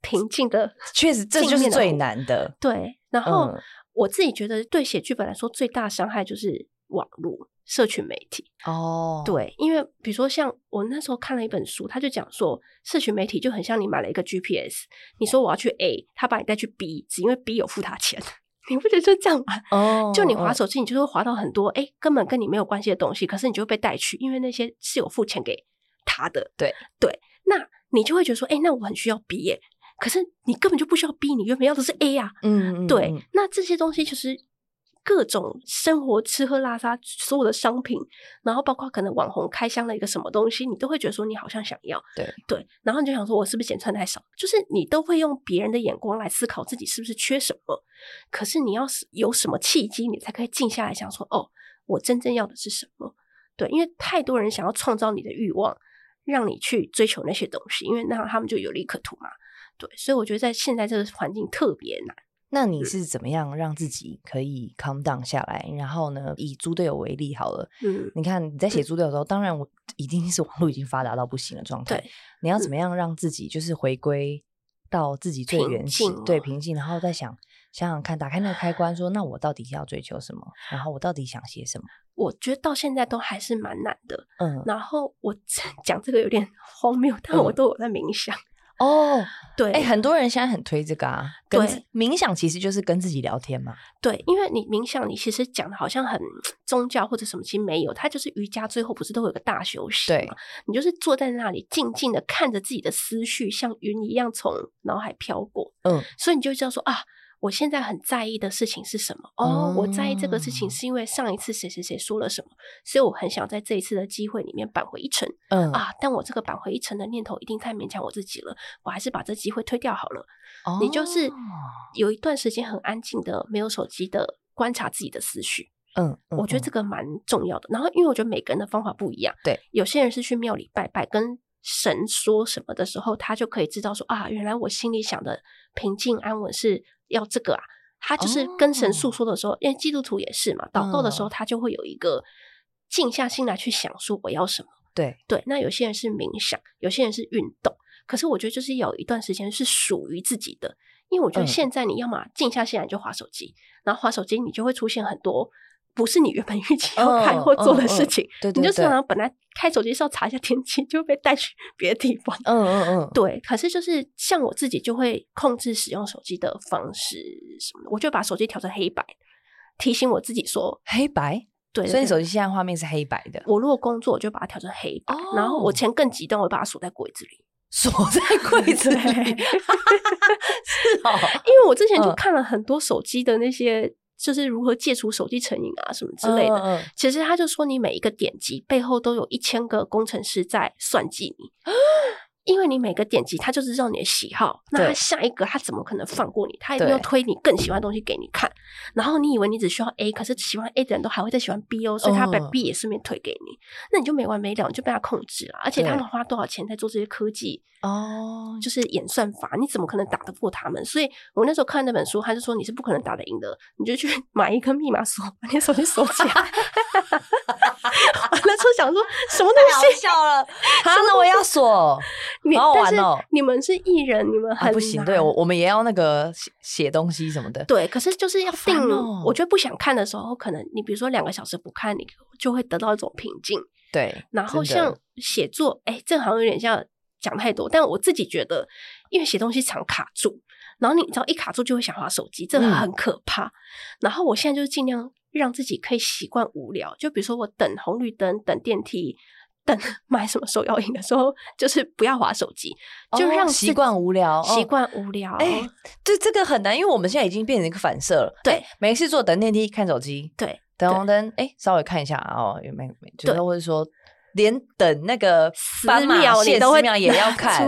平靜的？確實，這就是最難的，的。對，然後。嗯我自己覺得，對寫劇本來說，最大傷害就是網絡、社群媒體。哦、oh.，對，因為比如說像我那時候看了一本書，他就講說，社群媒體就很像你買了一個 GPS，、oh. 你說我要去 A，他把你帶去 B，只因為 B 有付他錢。 你不覺得就這樣嗎、啊？哦、oh.，就你滑手機，你就會滑到很多哎、oh.，根本跟你沒有關係的東西，可是你就會被帶去，因為那些是有付錢給他的。對對，那你就會覺得說，哎，那我很需要 B 耶。可是你根本就不需要 B，你原本要的是 A 呀、啊，嗯對嗯，那這些東西其實各種生活吃喝拉撒所有的商品，然後包括可能網紅開箱了一個什麼東西，你都會覺得說你好像想要，對對，然後你就想說我是不是錢賺太少？就是你都會用別人的眼光來思考自己是不是缺什麼。可是你要是有什麼契機，你才可以靜下來想說哦，我真正要的是什麼？對，因為太多人想要創造你的慾望，讓你去追求那些東西，因為那樣他們就有利可圖嘛。對，所以我覺得在現在這個環境特別難。那你是怎麼樣讓自己可以 calm down 下來？嗯、然後呢，以豬隊友為例好了，嗯，你看你在寫豬隊友的時候，嗯、當然我已經是網絡已經發達到不行的狀態。對、嗯，你要怎麼樣讓自己就是回歸到自己最原始，對，平靜，然後再想想想看，打開那個開關說，說那我到底要追求什麼？然後我到底想寫什麼？我覺得到現在都還是蠻難的。嗯，然後我講這個有點荒謬，但我都有在冥想。嗯 哦，oh，對，誒，很多人現在很推這個啊，對，冥想其實就是跟自己聊天嘛。對，因為你冥想，你其實講的好像很宗教或者什麼，其實沒有，它就是瑜伽最後不是都有個大休息嗎？對，你就是坐在那裡靜靜的看着自己的思緒像雲一樣從腦海飄過，嗯，所以你就叫做啊。我現在很在意的事情是什麼？哦、oh，我在意這個事情是因為上一次誰誰誰說了什麼、嗯，所以我很想在這一次的機會裡面扳回一城。嗯啊，但我這個扳回一城的念頭一定太勉強我自己了，我還是把這機會推掉好了、哦。你就是有一段時間很安靜的，沒有手機的觀察自己的思緒、嗯。嗯，我覺得這個蠻重要的。然後，因為我覺得每個人的方法不一樣，對，有些人是去廟裡拜拜，跟。神說什麼的時候，他就可以知道說啊，原來我心裡想的平靜安穩是要這個啊。他就是跟神訴說的時候，哦、因為基督徒也是嘛，禱告的時候他就會有一個靜下心來去想說我要什麼。對、嗯、對，那有些人是冥想，有些人是運動。可是我覺得就是有一段時間是屬於自己的，因為我覺得現在你要麼靜下心來就滑手機，嗯、然後滑手機你就會出現很多。不是你原本預期要開或做的事情，嗯嗯嗯，你就常常，本來開手機是要查一下天氣，嗯嗯，就被帶去別的地方。嗯嗯嗯，對。可是就是像我自己就會控制使用手機的方式什麼，我就把手機調成黑白，提醒我自己說黑白。對，對，對，所以手機現在畫面是黑白的。我如果工作，我就把它調成黑白，白，哦。然後我前更極端，我把它鎖在櫃子裡，鎖在櫃子裡。 是、哦，因為我之前就看了很多手機的那些。就是如何戒除手機成癮啊，什麼之類的。其實他就說，你每一個點擊背後都有一千個工程師在算計你。Oh, oh, oh. 因為你每個點擊，它就是讓你的喜好。那它下一個，它怎麼可能放過你？它一定要推你更喜歡的東西給你看。然後你以為你只需要 A，可是喜歡 A 的人都還會再喜歡 B 哦，所以它把 B 也順便推給你。哦、那你就沒完沒了，你就被它控制了。而且他們花多少錢在做這些科技哦，就是演算法，你怎麼可能打得過他們？所以我那時候看那本書，他就說你是不可能打得贏的，你就去買一個密碼鎖，把你的手機鎖起來。 那時候想說什麼東西太好笑了，睡覺了真的，我要鎖 你，完了、哦。但是你們是藝人，你們很、啊、不行。對我，我們也要那個寫寫，寫東西什麼的。對，可是就是要定哦。我覺得不想看的時候，可能你比如說兩個小時不看，你就會得到一種平靜。對。然後像寫作，哎，這好像有點像講太多。但我自己覺得，因為寫東西常卡住，然後你知道，一卡住就會想滑手機，這個很可怕、嗯。然後我現在就是盡量。讓自己可以習慣無聊，就比如說我等紅綠燈、等電梯、等買什麼手搖飲的時候，就是不要滑手機、哦，就讓習慣無聊，習慣無聊。哎、欸，對，這個很難，因為我們現在已經變成一個反射了。對，欸、沒事做，等電梯看手機。對，等紅燈，哎、欸，稍微看一下哦，也沒沒，就是或者說。連等那個斑馬線都會，怎麼樣也要看，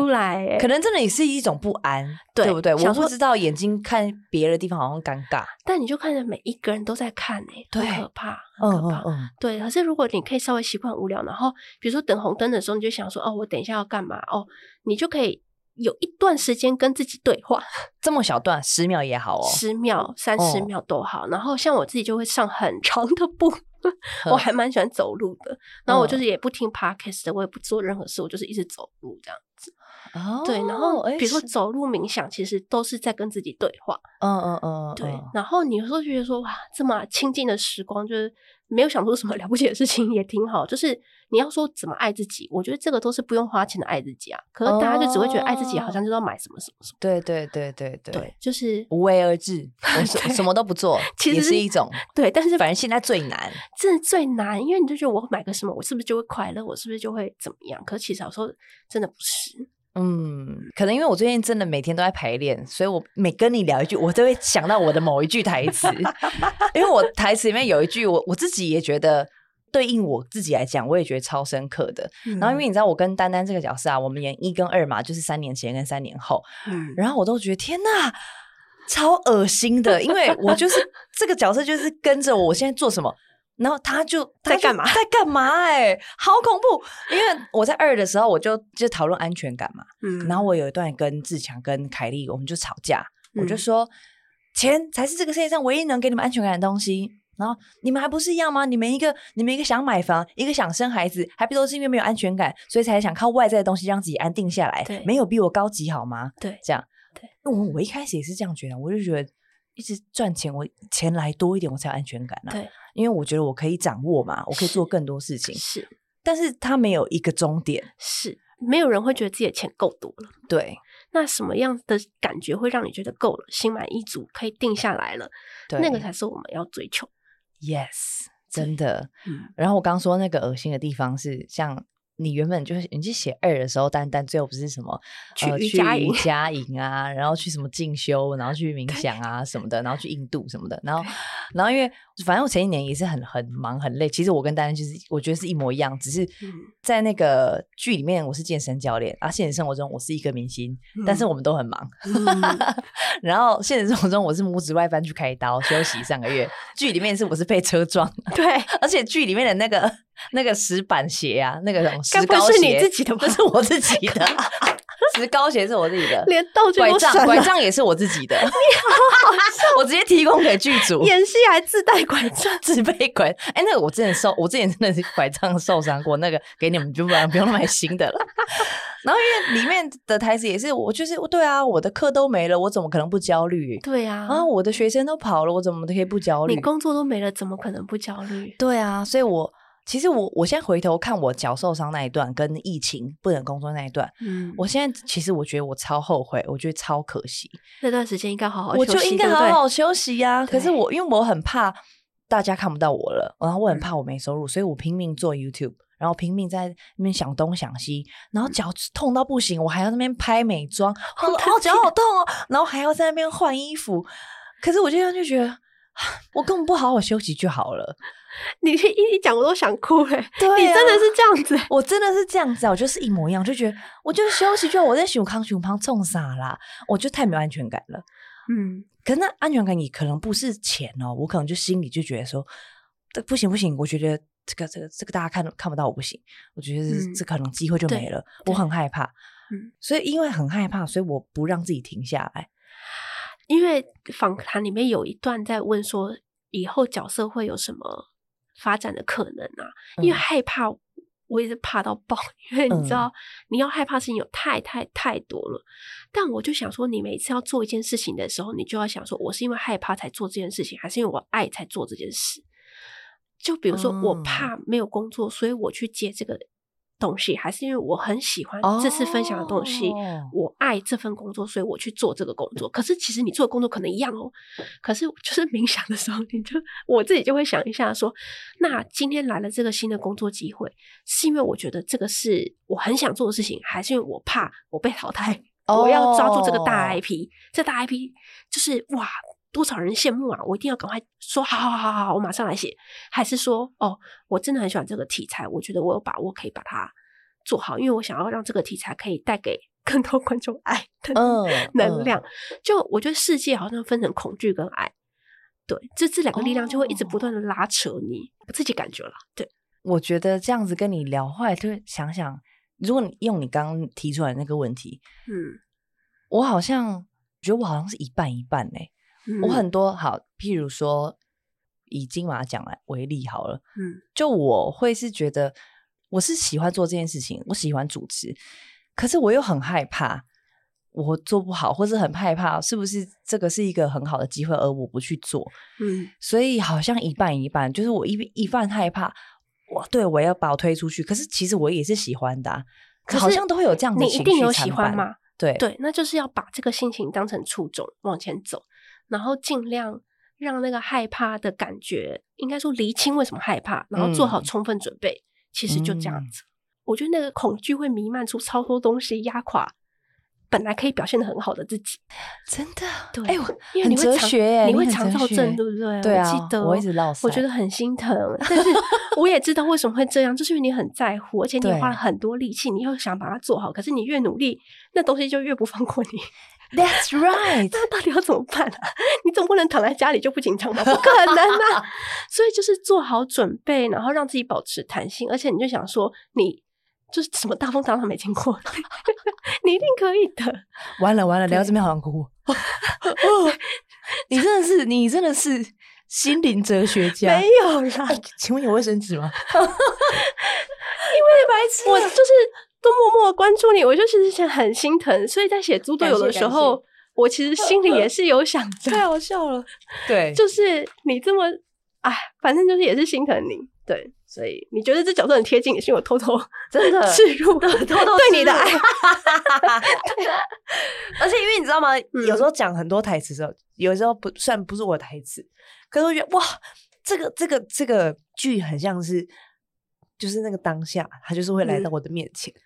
可能真的也是一種不安，對，對不對？想說我不知道眼睛看別的地方好像尷尬，但你就看着每一個人都在看哎、欸，對，可怕，很可怕，嗯嗯嗯，對。可是如果你可以稍微習慣無聊，然後比如說等紅燈的時候，你就想說哦，我等一下要幹嘛哦，你就可以。有一段時間跟自己對話，這麼小段十秒也好哦，十秒、三十秒都好。Oh. 然後像我自己就會上很長的步，oh. 我還蠻喜歡走路的。Oh. 然後我就是也不聽 podcast 的，我也不做任何事，我就是一直走路這樣子。哦、oh.，對，然後比如說走路冥想，oh. 其實都是在跟自己對話。嗯嗯嗯，對。Oh. 然後你有時候覺得說哇，這麼清靜的時光就是。沒有想出什麼了不起的事情也挺好，就是你要說怎麼愛自己，我覺得這個都是不用花錢的愛自己啊。可能大家就只會覺得愛自己好像就要買什麼什麼什麼。哦，對對對對對，對就是無為而治，什麼都不做，其 實是一種對。但是反正現在最難，真的最難，因為你就覺得我買個什麼，我是不是就會快樂？我是不是就會怎麼樣？可是其實有時候真的不是。嗯，可能因為我最近真的每天都在排練，所以我每跟你聊一句，我都會想到我的某一句台詞， 因為我台詞裡面有一句，我我自己也覺得對應我自己來講，我也覺得超深刻的。嗯、然後因為你知道，我跟丹丹這個角色啊，我們演一跟二嘛，就是三年前跟三年後，嗯、然後我都覺得天吶，超噁心的，因為我就是這個角色，就是跟着我現在做什麼。然後他就在幹嘛？他在幹嘛？哎，好恐怖！因為我在二的時候，我就就討論安全感嘛。然後我有一段跟志強、跟凱莉，我們就吵架。我就說，錢才是這個世界上唯一能給你們安全感的東西。然後你們還不是一樣嗎？你們一個你們一個想買房，一個想生孩子，還不都是因為沒有安全感，所以才想靠外在的東西讓自己安定下來？沒有比我高級好嗎？對，這樣對。我們我一開始也是這樣覺得，我就覺得。一直賺錢，我錢來多一點，我才有安全感了、啊。對，因為我覺得我可以掌握嘛，我可以做更多事情。是，但是它沒有一個終點，是沒有人會覺得自己的錢夠多了。對，那什麼樣的感覺會讓你覺得夠了，心滿意足，可以定下來了？對，那個才是我們要追求。Yes，真的。嗯、然後我剛說那個噁心的地方是像。你原本就是，你去寫二的時候，但但最後不是什麼、呃、去瑜伽營去啊，然後去什麼進修，然後去冥想啊什麼的， 然後去印度什麼的，然後然後因為反正我前一年也是很很忙很累。其實我跟丹丹就是我覺得是一模一樣，只是在那個劇裡面我是健身教練，啊，現實生活中我是一個明星，但是我們都很忙。嗯、 然後現實生活中我是拇指外翻去開刀休息上個月，劇 裡面是我是被車撞， 對，而且劇裡面的那個那個石板鞋啊，那個什麼。高鞋，該不是,你自己的，這是我自己的。 高鞋是我自己的， 連道具都拐杖，拐杖也是我自己的。好 我直接提供給劇組演戲，還自帶拐杖，自備拐。哎、欸，那個我之前受，我之前真的是拐杖受傷過。那個給你們，就不然不用買新的了。 然後因為裡面的台詞也是我，就是對啊，我的課都沒了，我怎麼可能不焦慮？對呀，啊，然後我的學生都跑了，我怎麼都可以不焦慮？你工作都沒了，怎麼可能不焦慮？對啊，所以我。其實我，我現在回頭看我腳受傷那一段，跟疫情不能工作那一段，嗯，我現在其實我覺得我超後悔，我覺得超可惜，那段時間應該好好，休息。我就應該好好休息呀、啊。可是我，因為我很怕大家看不到我了，然後我很怕我沒收入，嗯、所以我拼命做 YouTube，然後拼命在那邊想東想西，然後腳痛到不行，我還要那邊拍美妝、嗯，哦，腳好痛哦， 然後還要在那邊換衣服，可是我就這樣就覺得。 我根本不好好休息就好了，你去一一講我都想哭哎，欸啊，你真的是這樣子，欸，我真的是這樣子，啊，我就是一模一樣，就覺得我就休息就好，我在熊康熊康衝傻啦。我就太沒有安全感了。嗯，可是那安全感也可能不是錢哦，喔，我可能就心裡就覺得說，這不行不行，我覺得這個這個、這個、這個大家看看不到我不行，我覺得這可能機會就沒了，嗯，我很害怕。嗯，所以因為很害怕，所以我不讓自己停下來。因為訪談裡面有一段在問說，以後角色會有什麼發展的可能啊？因為害怕，我也是怕到爆，因為你知道你要害怕的事情有太太太多了。但我就想說，你每次要做一件事情的時候，你就要想說，我是因為害怕才做這件事情，還是因為我愛才做這件事？就比如說，我怕沒有工作，所以我去接這個。東西還是因為我很喜歡這次分享的東西，oh. 我愛這份工作，所以我去做這個工作。可是其實你做的工作可能一樣哦。可是就是冥想的時候，你就我自己就會想一下說，說那今天來了這個新的工作機會，是因為我覺得這個是我很想做的事情，還是因為我怕我被淘汰，oh. 我要抓住這個大 IP，這大 IP 就是哇。多少人羨慕啊！我一定要趕快說，好好好好好，我馬上來寫。還是說，哦，我真的很喜歡這個題材，我覺得我有把握可以把它做好，因為我想要讓這個題材可以帶給更多觀眾愛，嗯、呃，能量、呃。就我覺得世界好像分成恐懼跟愛，對，這這兩個力量就會一直不斷的拉扯你、哦，我自己感覺了。對，我覺得這樣子跟你聊壞，後來就是想想，如果你用你剛剛提出來那個問題，嗯，我好像我覺得我好像是一半一半嘞、欸。我很多好，譬如說以金馬獎來為例好了，嗯，就我會是覺得我是喜歡做這件事情，我喜歡主持，可是我又很害怕我做不好，或是很害怕是不是這個是一個很好的機會而我不去做，嗯，所以好像一半一半，就是我一一半害怕，我，對，我要把我推出去，可是其實我也是喜歡的，啊，可好像都會有這樣，你一定有喜歡嗎？對對，那就是要把這個心情當成初衷往前走。然後盡量讓那個害怕的感覺，應該說釐清為什麼害怕，然後做好充分準備。嗯、其實就這樣子，嗯，我覺得那個恐懼會瀰漫出超多東西，壓垮本來可以表現得很好的自己。真的，對，很哲學，因為你會強，你會強迫症，對不對？對啊，我記得，哦，我一直嘮。我覺得很心疼，但是我也知道為什麼會這樣， 就是因為你很在乎，而且你花了很多力氣，你要想把它做好，可是你越努力，那東西就越不放過你。That's right。那到底要怎麼辦啊？你總不能躺在家裡就不緊張吧？不可能啊！ 所以就是做好準備，然後讓自己保持彈性，而且你就想說你，你就是什麼大風大浪沒經過， 你一定可以的。完了完了，聊這邊好想哭，哭、哦。你真的是， 你，真的是 你真的是心靈哲學家。沒有啦，欸、請問有衛生紙嗎？ 因為白痴，我就是。 是啊都默默關注你，我就是之前很心疼，所以在寫豬隊友的時候，我其實心裡也是有想着，太好笑了。對，就是你這麼哎，反正就是也是心疼你。對，所以你覺得這角度很貼近，也是因為我偷偷真的植入的，偷偷 對你的愛。而且因為你知道嗎？有時候講很多台詞的時候、嗯，有時候不算不是我的台詞，可是我覺得哇，這個這個這個劇很像是，就是那個當下，他就是會來到我的面前。嗯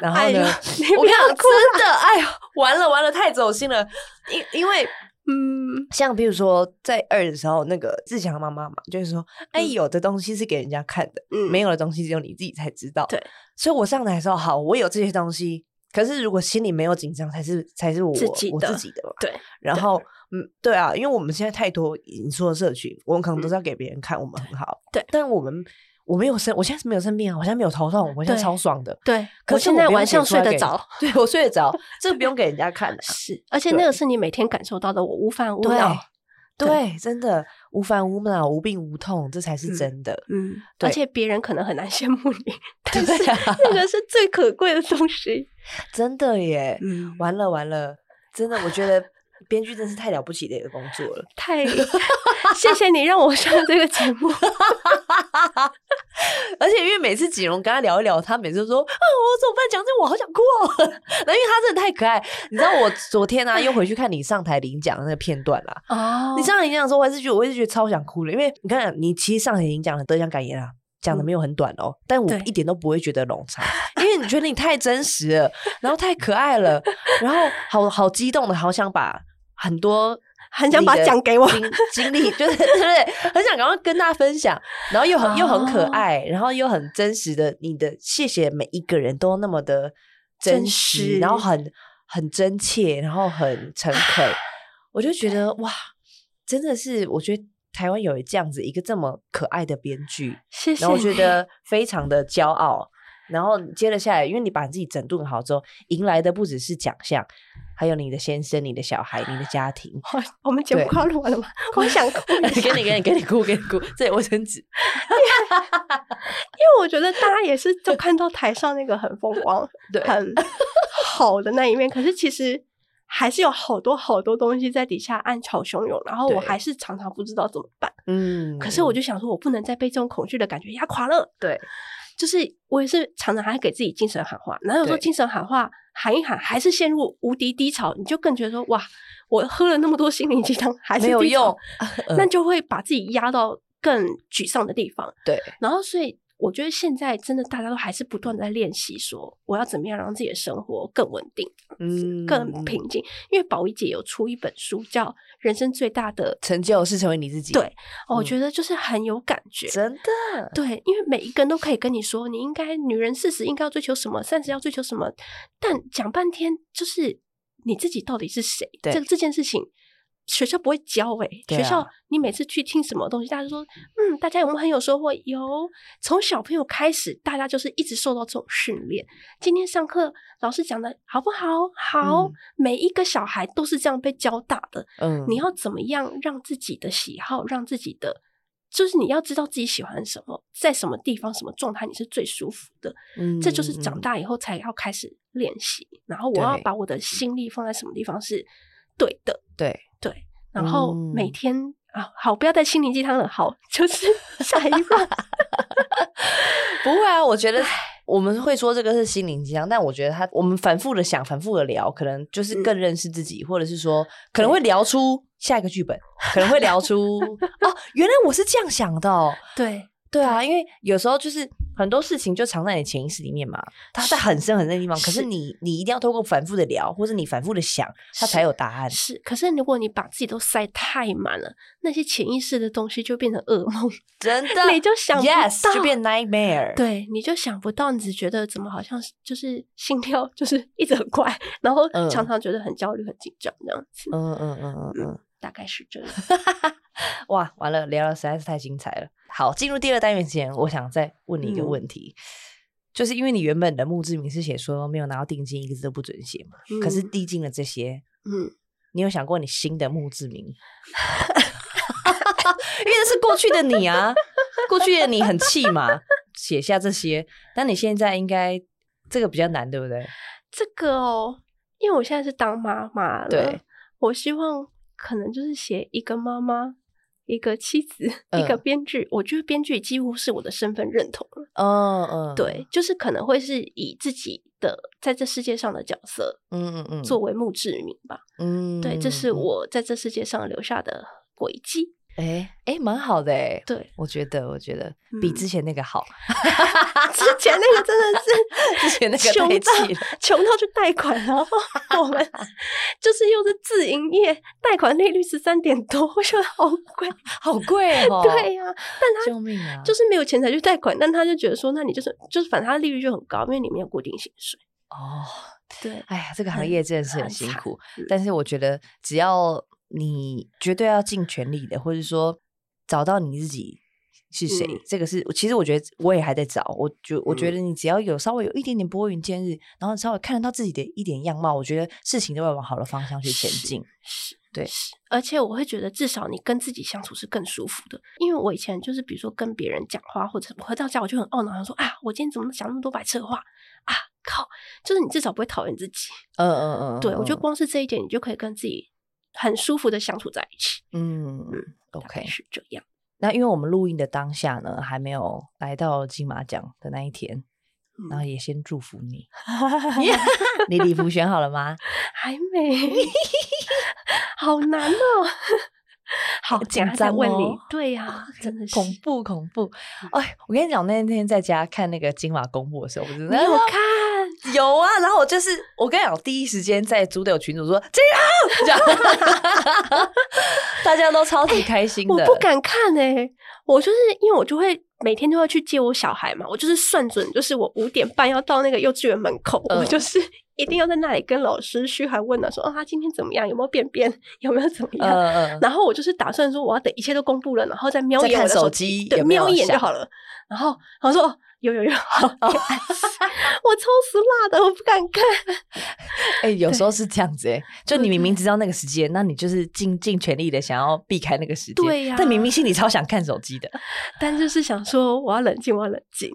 然後呢，哎呦，你不要哭啊，我要真的，哎呦，完了完了，太走心了。因 因為，嗯，像比如說，在二的時候，那個自強媽媽嘛，就是說哎，哎，有的東西是給人家看的，嗯，沒有的東西只有你自己才知道。對，所以我上台的時候，好，我有這些東西，可是如果心裡沒有緊張，才是才是我自我自己的對。然後，嗯，對啊，因為我們現在太多你說的社群，我們可能都是要給別人看，嗯，我們很好。對，對但我們。我沒有生，我現在是沒有生病啊！我現在沒有頭痛，我現在超爽的。對，可是我，我現在晚上睡得着，對我睡得着，這 個不用給人家看的、啊。是，而且那個是你每天感受到的，我無煩無惱，對，真的無煩無惱、無病無痛，這才是真的。嗯，嗯而且別人可能很難羨慕你，但是對、啊、 那個是最可貴的東西。真的耶！嗯、完了完了，真的，我覺得。 編劇真是太了不起的一個工作了，太謝謝你讓我上這個節目， 而且因為每次瑾蓉跟他聊一聊，他每次說啊，我怎麼辦？講、這個、我好想哭、哦。那 因為他真的太可愛，你知道我昨天啊 又回去看你上台領獎那個片段啦、啊。哦，你上台領獎的時候，我還是覺得我是覺得超想哭了，因為你看你其實上台領獎的得獎感言啊，講的沒有很短哦、嗯，但我一點都不會覺得冗長，因為你覺得你太真實了，然後太可愛了， 然後好好激動的，好想把。很多很想把獎給我經歷， 就是對不對？很想趕快跟大家分享，然後又很、哦、又很可愛，然後又很真實的你的謝謝每一個人都那麼的真實，真實然後很很真切，然後很誠懇、啊，我就覺得哇，真的是我覺得台灣有這樣子一個這麼可愛的編劇，然後我覺得非常的驕傲。然後接了下來，因為你把自己整頓好之後，迎來的不只是獎項，還有你的先生、你的小孩、你的家庭。哦、我們節目快要錄完了嗎？ 我想哭， 給你，給你，給你哭，給你哭。這衛生紙， 因為我覺得大家也是都看到台上那個很風光、 很好的那一面，可是其實還是有好多好多東西在底下暗潮洶湧。然後我還是常常不知道怎麼辦。嗯，可是我就想說，我不能再被這種恐懼的感覺壓垮了。對。就是我也是常常還給自己精神喊話，然後有時候精神喊話喊一喊，還是陷入無敵低潮，你就更覺得說哇，我喝了那麼多心靈雞湯還是沒有用呵呵，呃，那就會把自己壓到更沮喪的地方。對，然後所以。我覺得現在真的大家都還是不斷在練習，說我要怎麼樣讓自己的生活更穩定，嗯，更平靜。因為寶儀姐有出一本書叫《人生最大的成就是成為你自己》對，對、嗯，我覺得就是很有感覺，真的，對，因為每一個人都可以跟你說，你應該女人四十應該要追求什麼，三十要追求什麼，但講半天就是你自己到底是誰，對，這個這件事情。學校不會教哎、欸，學校你每次去聽什麼東西，啊、大家說嗯，大家有沒有很有收穫？有從小朋友開始，大家就是一直受到這種訓練。今天上課老師講的好不好？好、嗯，每一個小孩都是這樣被教大的。嗯，你要怎麼樣讓自己的喜好，讓自己的就是你要知道自己喜歡什麼，在什麼地方什麼狀態你是最舒服的。嗯，這就是長大以後才要開始練習、嗯。然後我要把我的心力放在什麼地方是？對的對，對對，然後每天、嗯、啊，好，不要再心靈雞湯了，好，就是下一個， 不會啊，我覺得我們會說這個是心靈雞湯，但我覺得他我們反覆的想，反覆的聊，可能就是更認識自己，嗯，或者是說可能會聊出下一個劇本， 可能會聊出 哦，原來我是這樣想的，哦，對。對啊，因為有時候就是很多事情就藏在你潛意識裡面嘛，它在很深很深的地方。可是你你一定要透過反覆的聊，或者你反覆的想，它才有答案。是，是，可是如果你把自己都塞太滿了，那些潛意識的東西就變成噩夢，真的，你就想不到，yes, 就變 nightmare。對，你就想不到，你只覺得怎麼好像就是心跳就是一直很快，然後常常覺得很焦慮、很緊張這樣子。嗯嗯嗯嗯嗯。嗯嗯嗯大概是這樣， 哇，完了，聊了實在是太精彩了。好，進入第二單元前，我想再問你一個問題，嗯、就是因為你原本的墓誌銘是寫說沒有拿到定金一個字都不准寫嘛，嗯，可是遞進了這些，嗯，你有想過你新的墓誌銘？ 因為是過去的你啊， 過去的你很氣嘛，寫 下這些，那你現在應該這個比較難，對不對？這個哦，因為我現在是當媽媽了，對，我希望。可能就是寫一個媽媽，一個妻子，一個編劇。我覺得編劇幾乎是我的身份認同了。嗯、uh, uh. 對，就是可能會是以自己的在這世界上的角色，嗯嗯嗯，作為墓志銘吧。嗯、uh, uh.，對，這是我在這世界上留下的軌跡。哎、欸、哎，蠻、欸、好的哎、欸，對我覺得，我覺得、嗯、比之前那個好。之前那個真的是， 之前那個窮到窮到去貸款了。款然後我們就是又是自營業，貸款利率十三點多， 我覺得好貴，好貴、喔。對呀、啊，但他救命啊，就是沒有錢才去貸款、啊，但他就覺得說，那你就是就是，反正他的利率就很高，因為你沒有固定薪水。哦，對，哎呀，這個行業真的是很辛苦，嗯、但是我覺得只要。你絕對要盡全力的，或者說找到你自己是誰。嗯、這個是,其實我覺得我也還在找。我就我覺得你只要有稍微有一點點撥雲見日、嗯，然後稍微看得到自己的一點樣貌，我覺得事情都會往好的方向去前進。是是對是是，而且我會覺得至少你跟自己相處是更舒服的。因為我以前就是比如說跟別人講話，或者回到家我就很懊惱，想說啊，我今天怎麼想那麼多白痴話啊？靠，就是你至少不會討厭自己。嗯嗯嗯，對我覺得光是這一點，你就可以跟自己，很舒服的相處在一起，嗯，嗯，OK 是這樣。那因為我們錄音的當下呢，還沒有來到金馬獎的那一天，嗯，然後也先祝福你。 Yeah ! 你禮服選好了嗎？ 還沒， 好難哦，喔， 好緊張，喔，問你。對啊，真的是恐怖恐怖，嗯。哎，我跟你講，那天在家看那個金馬公布的時候，我真的。 有啊，然後我就是，我跟你講，第一時間在組的有群組說這樣， 大家都超級開心的。欸、我不敢看誒、欸、我就是因為我就會每天都要去接我小孩嘛，我就是算準，就是我五點半要到那個幼稚園門口、嗯，我就是一定要在那裡跟老師噓寒問暖，說、啊、哦他今天怎麼樣，有沒有便便，有沒有怎麼樣。嗯、然後我就是打算說，我要等一切都公布了，然後再瞄一眼我的手機，有有對，瞄一眼就好了。嗯、然後我說。有有有 ，oh, oh. 我超死辣的，我不敢看。哎、欸，有時候是這樣子，欸，就你明明知道那個時間，嗯，那你就是盡盡全力的想要避開那個時間。對呀、啊，但明明心裡超想看手機的， 但就是想說我要冷靜，我要冷靜。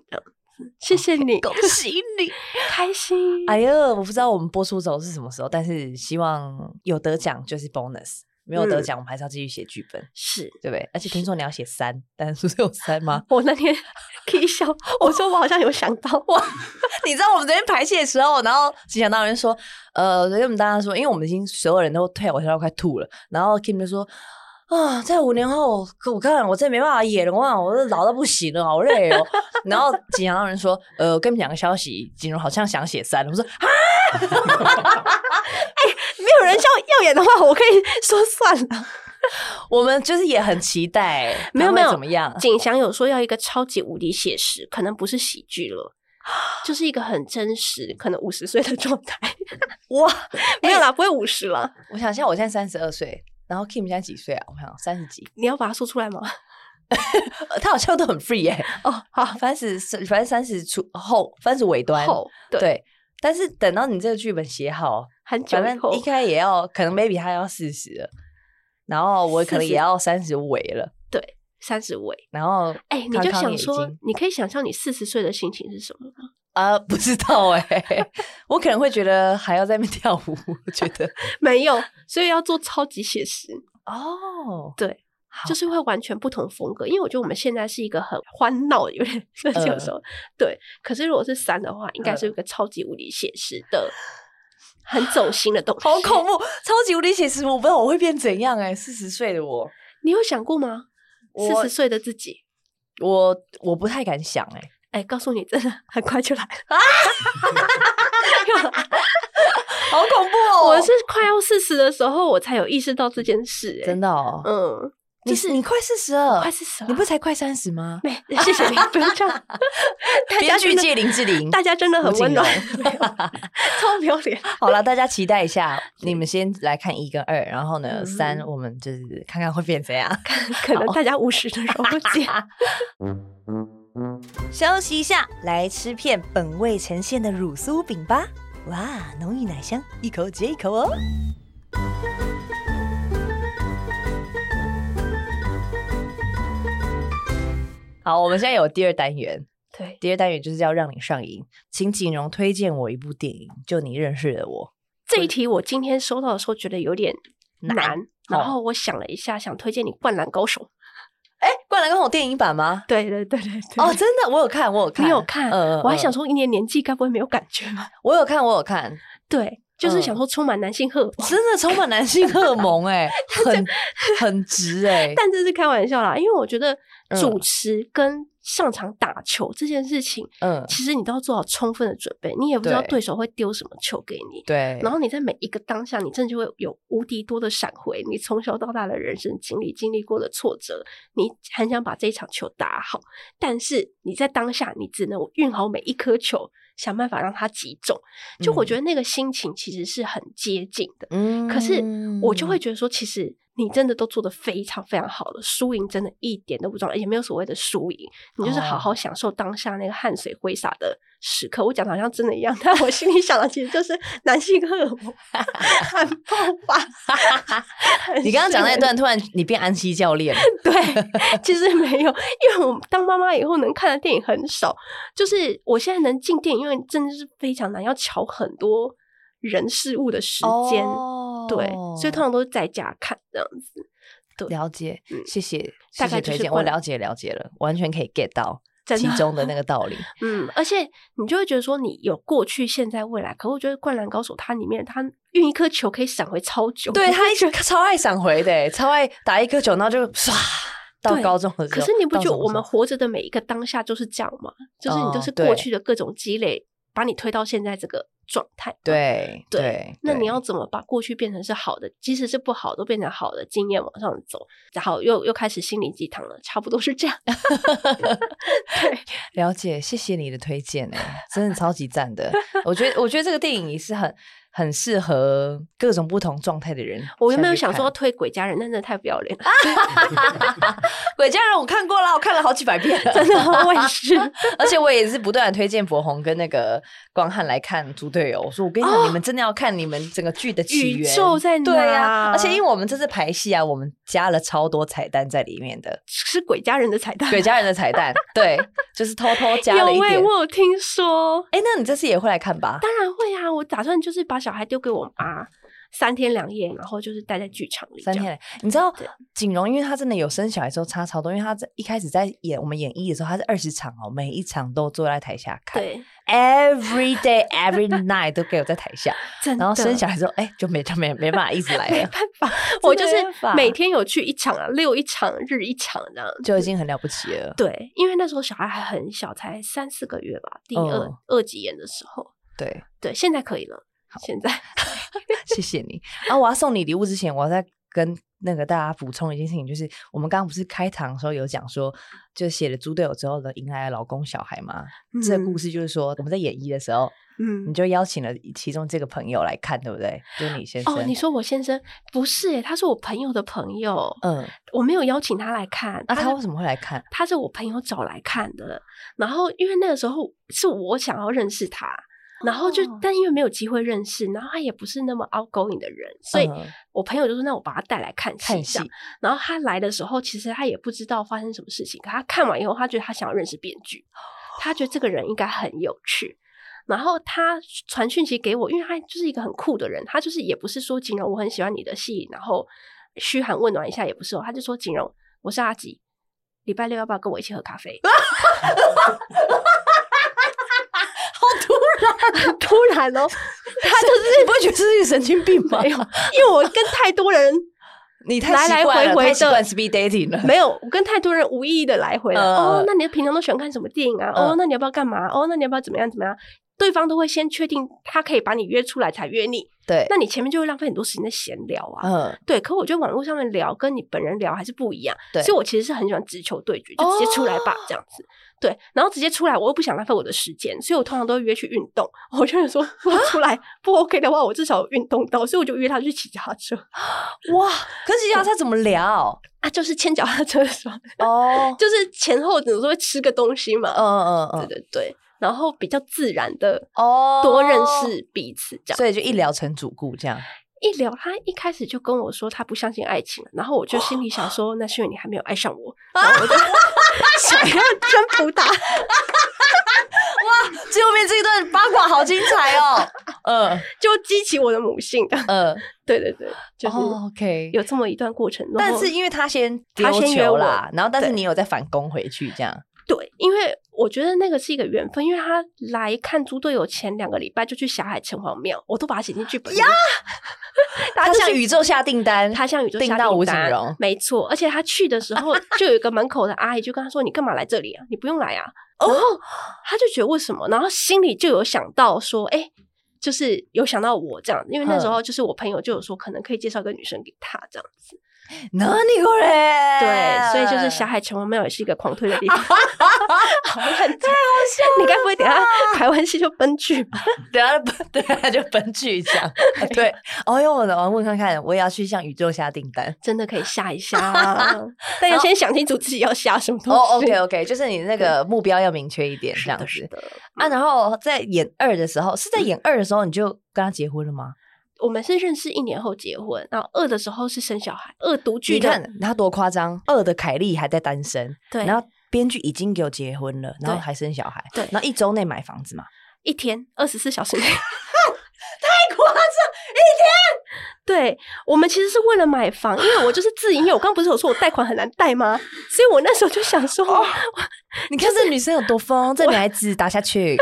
謝謝你，okay, 恭喜你， 開心。哎呦，我不知道我們播出周是什麼時候，但是希望有得獎就是 bonus。沒有得獎、嗯，我們還是要繼續寫劇本，是對不對？而且聽說你要寫三，但是不是有三嗎？我那天可以笑，我說我好像有想到哇！ 你知道我們這邊排戲的時候，然後景祥導演說，呃，我跟我們大家說，因為我們已經所有人都退，我現在都快吐了。然後 Kim 就說，啊，在五年後，可我看我這沒辦法演了，我都老到不行了，好累哦。 然後景祥導演說，呃，跟你們講個消息，瑾蓉好像想寫三，我說啊。 沒有人要演的話，我可以說算了。 我們就是也很期待， 沒有沒有怎麼樣。景翔有說要一個超級無敵寫實，可能不是喜劇了， 就是一個很真實，可能五十歲的狀態。 哇、欸，沒有啦，不會五十了。我想像我現在三十二歲，然後 Kim 現在幾歲啊？我想三十幾。你要把他說出來嗎？ 他好像都很 free 耶、欸。哦、oh,，好，三十，反正三十出後，三十尾端、oh, 對，對。但是等到你這個劇本寫好。很久，應該也要、嗯，可能 maybe 他要四十，40，然後我可能也要三十尾了。對，三十尾。然後，哎、欸，你就想說，你可以想象你四十歲的心情是什麼嗎？啊、呃，不知道哎、欸， 我可能會覺得還要在那邊跳舞。我 覺得 沒有，所以要做超級寫實哦。Oh, 對，就是會完全不同風格，因為我覺得我們現在是一個很歡鬧、有點那種什麼，對。可是如果是三的話，應該是有個超級無理寫實的。呃 很走心的東西， 好恐怖！超級無理寫實，我不知道我會變怎樣誒，四十歲的我，你有想過嗎？四十歲的自己，我我不太敢想誒、欸、誒、欸，告訴你，真的很快就來了啊！ 好恐怖哦！我是快要四十的時候，我才有意識到這件事，欸，真的哦，嗯。你、就是你快四十了，快四十、啊，你不才快三十嗎？沒，謝謝你， 不要這樣編劇界林志玲，大家真的很溫暖， 超不要臉。好了，大家期待一下，你們先來看一跟二，然後呢三，嗯、我們就是看看會變怎樣。可能大家五十的不假。 休息一下，來吃片本味呈現的乳酥餅吧。哇，濃郁奶香，一口接一口哦。好，我們現在有第二單元。對、嗯，第二單元就是要讓你上影，請瑾蓉推薦我一部電影，就你認識的我。這一題我今天收到的時候覺得有點難，然後我想了一下，哦、想推薦你《灌籃高手》。哎，《灌籃高手》電影版嗎？對對對對。哦，真的，我有看，我有看，你有看？呃、嗯嗯，我還想說，一年年紀該不會沒有感覺嗎？我有看，我有看。對，就是想說充滿男性荷、嗯，真的充滿男性荷爾蒙、欸，哎 很， 很很直哎、欸。 但這是開玩笑啦，因為我覺得。主持跟上場打球、嗯、這件事情，嗯，其實你都要做好充分的準備、嗯，你也不知道對手會丟什麼球給你，對。然後你在每一個當下，你真的就會有無敵多的閃回，你從小到大的人生經歷、經歷過的挫折，你很想把這一場球打好，但是你在當下，你只能運好每一顆球，想辦法讓它擊中。就我覺得那個心情其實是很接近的，嗯。可是我就會覺得說，其實。你真的都做的非常非常好了，輸贏真的一點都不重要，也沒有所謂的輸贏，你就是好好享受當下那個汗水揮灑的時刻。哦、我講的好像真的一樣，但我心裡想的其實就是男性荷爾蒙爆發。 爸爸 你剛剛講那段， 突然你變安息教練安西教練了。對，其實沒有，因為我當媽媽以後能看的電影很少，就是我現在能進電影院真的是非常難，要搶很多人事物的時間。哦對，所以通常都是在家看這樣子。對，了解，謝謝，嗯、謝謝大概推薦，我了解了解了，完全可以 get 到其中的那個道理。 嗯，而且你就會覺得說，你有過去、現在、未來。可我覺得《灌籃高手》它裡面，他運一顆球可以閃回超久，對 他一直超愛閃回的，超愛打一顆球，然後就刷。到高中的時候。可是你不覺得我們活着的每一個當下就是這樣嗎？哦、就是你都是過去的各種積累，把你推到現在這個。狀態，對對，對，那你要怎麼把過去變成是好的，即使是不好都變成好的經驗往上走，然後又又開始心靈雞湯了，差不多是這樣。 對， 了解，謝謝你的推薦哎、欸，真的超級讚的， 我覺得我覺得這個電影也是很。很適合各種不同狀態的人。我有沒有想說推《鬼家人》？真的太不要臉了！ 《 鬼家人》我看過了，我看了好幾百遍了， 真的好溫馨。 而且我也是不斷推薦柏宏跟那個光漢來看《豬隊友》。我說，我跟你講，哦，你們真的要看你們整個劇的起源。宇宙在哪？對呀，啊，而且因為我們這次排戲啊，我們加了超多彩蛋在裡面的，是《鬼家人》的彩蛋， 《鬼家人》的彩蛋，對，就是偷偷加了一點。有啊，我有聽說。哎，欸，那你這次也會來看吧？當然會啊，我打算就是把。小孩丟給我媽三天兩夜，然後就是待在劇場裡三天。你知道錦榮，因為他真的有生小孩時候差超多，因為他在一開始在演我們演藝的時候，他是二十場哦，每一場都坐在台下看，對，every day every night 都給我在台下。 然後生小孩之後，哎、欸，就沒沒沒辦法一直來，沒辦， 沒辦法。我就是每天有去一場啊，六一場日一場這樣，就已經很了不起了。對，因為那時候小孩還很小，才三四個月吧，第二、哦、二級演的時候。對對，現在可以了。現在 謝謝你。啊，我要送你禮物之前，我要再跟那個大家補充一件事情，就是我們剛剛不是開場的時候有講說，就寫了豬隊友之後的迎來老公小孩嘛、嗯？這個故事就是說，我們在演繹的時候，嗯，你就邀請了其中這個朋友來看，對不對？就你先生哦，你說我先生不是哎，他是我朋友的朋友，嗯，我沒有邀請他來看，那、啊、他，他為什麼會來看？他是我朋友找來看的，然後因為那個時候是我想要認識他。然後就，oh, 但因為沒有機會認識，然後他也不是那麼 outgoing 的人，uh -huh. 所以我朋友就說：“那我把他帶來看戲。”然後他來的時候，其實他也不知道發生什麼事情。可他看完以後，他覺得他想要認識編劇，他覺得這個人應該很有趣。然後他傳訊息給我，因為他就是一個很酷的人，他就是也不是說瑾蓉我很喜歡你的戲，然後噓寒問暖一下也不是，他就說：“瑾蓉，我是阿吉，禮拜六要不要跟我一起喝咖啡？” 突然哦、喔，他就是你不會覺得是己神經病嗎？ 因為，我跟太多人，你太來來回回的，speed dating 沒有，我跟太多人無意義的來回來、嗯、哦，那你平常都喜歡看什麼電影啊？嗯、哦，那你要不要幹嘛、嗯？哦，那你要不要怎麼樣怎麼樣？對方都會先確定他可以把你約出來才約你，對，那你前面就會浪費很多時間在閒聊啊。嗯，對。可我覺得網絡上面聊跟你本人聊還是不一樣，對。所以我其實是很喜歡直球對決，哦，就直接出來吧這樣子。對，然後直接出來，我又不想浪費我的時間，所以我通常都會約去運動。我就會說，不、啊，出來不 OK 的話，我至少運動到，所以我就約他去騎腳踏車。 哇，可騎腳踏車怎麼聊、哦、啊？就是牽腳踏車的時候。哦， 就是前後怎麼說吃個東西嘛。嗯嗯嗯，對對對。然後比較自然的，哦，多認識彼此這樣，所以就一聊成主顧這樣。一聊，他一開始就跟我說他不相信愛情，然後我就心裡想說，那是因為你還沒有愛上我。然後我就全部打。哇，最後面這一段八卦好精彩哦！嗯，就激起我的母性。嗯，對對對，就是 OK，有這麼一段過程。但是因為他先他先約我，然後但是你有再反攻回去這樣。對，因為我覺得那個是一個緣分，因為他來看《豬隊友》前兩個禮拜就去霞海城隍廟，我都把他寫進劇本了、 就是。他向宇宙下訂單，他向宇宙下訂單。訂到吳瑾蓉，沒錯。而且他去的時候，就有一個門口的阿姨就跟他說：“ 你幹嘛來這裡啊？你不用來啊。”哦，他就覺得為什麼，然後心裡就有想到說：“哎，就是有想到我這樣，因為那時候就是我朋友就有說，可能可以介紹個女生給他這樣子。”哪裡過來？對， 所以就是小海從來沒有是一個狂推的地方。 好認真，太好笑。你該不會等下台灣戲就奔劇吧？ 等一下就奔，等下就奔劇這樣。 對，哦、哎、喲，我的我問看看，我也要去向宇宙下訂單，真的可以下一下、啊， 但要先想清楚自己要下什麼東西。OK，OK，就是你那個目標要明確一點這樣子是的是的。啊，然後在演二的時候，是在演二的時候你就跟他結婚了嗎？嗯我們是認識一年後結婚，然後二的時候是生小孩，二獨居的。你看，他多誇張、嗯！二的凱莉還在單身，對，然後編劇已經給我結婚了，然後還生小孩，對，然後一周內買房子嘛，一天二十四小時。 太誇張！一天，對我們其實是為了買房，因為我就是自營業，因為我剛不是有說我貸款很難貸嗎？所以我那時候就想說，哦、你看這女生有多瘋，這女孩子打下去。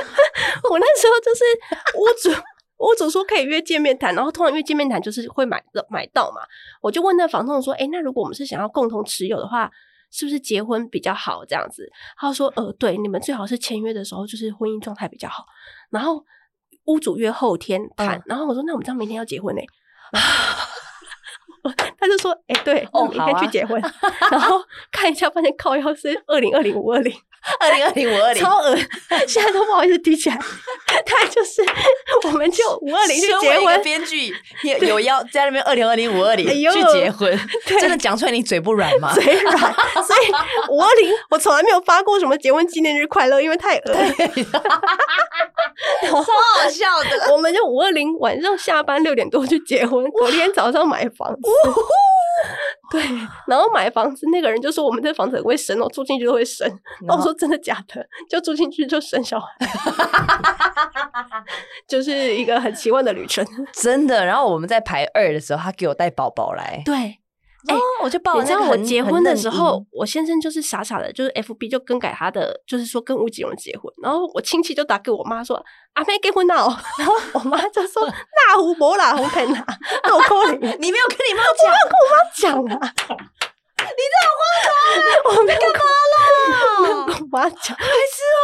我那時候就是屋主。 屋主說可以約見面談，然後通常約見面談就是會買的買到嘛。我就問那房東說：“哎，那如果我們是想要共同持有的話，是不是結婚比較好這樣子？”他說：“呃，對，你們最好是簽約的時候就是婚姻狀態比較好。”然後屋主約後天談，嗯，然後我說：“那我們這樣明天要結婚呢。嗯 他就說：“哎、欸，對，我們明天去結婚，哦啊、 然後看一下，發現靠腰是二零二零五二零，二零二零五二零，超惡，現在都不好意思提起來。他就是，我們就五二零去結婚。編劇有要在那邊，二零二零五二零去結婚，哎、 真的講出來你嘴不軟嗎？嘴軟。所以五二零，我從來沒有發過什麼結婚紀念日快樂，因為太惡， 超好笑的。我們就五二零晚上下班六點多去結婚，昨天早上買房子。” 對，然後買房子那個人就說，我們這房子很會生哦，住進去都會生。那我， 我說真的假的？就住進去就生小孩， 就是一個很奇怪的旅程。真的。然後我們在排二的時候，他給我帶寶寶來。對。哦、欸欸，我就報。你知道我結婚的時候、那個，我先生就是傻傻的，就是 FB 就更改他的，就是說跟吳瑾蓉結婚。然後我親戚就打給我媽說：“ 阿妹結婚了、喔。”然後我媽就說：“那無無啦，紅塵啊，夠、 no、可你能 你沒有跟你媽講，我沒有跟我媽講啊。 你這好荒、欸、我沒幹嘛了？我媽講，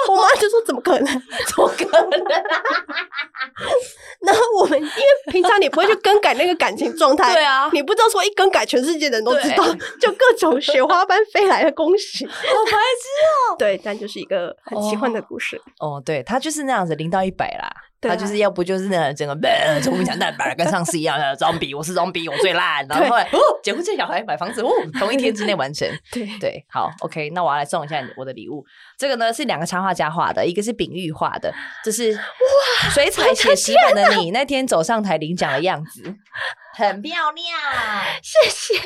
我媽、喔、就說：“怎麼可能？怎麼可能？” 然後我們因為平常你不會去更改那個感情狀態， 對啊，你不知道說一更改，全世界人都知道，就各種雪花般飛來的恭喜。我才知道，對，但就是一個很奇幻的故事。哦、oh, oh,，對，他就是那樣子，零到一百啦。他就是要不就是呢、啊、整個充、呃、名搶蛋白，跟上次一樣裝逼， 我是裝逼，我最爛。 然後，後來哦，結婚生小孩買房子哦，同一天之內完成。 對對，好，OK，那我要來送一下我的禮物。這個呢是兩個插畫家畫的，一個是丙玉畫的，這是哇，水彩寫實本的你那天走上台領獎的樣子。 很漂亮，謝謝。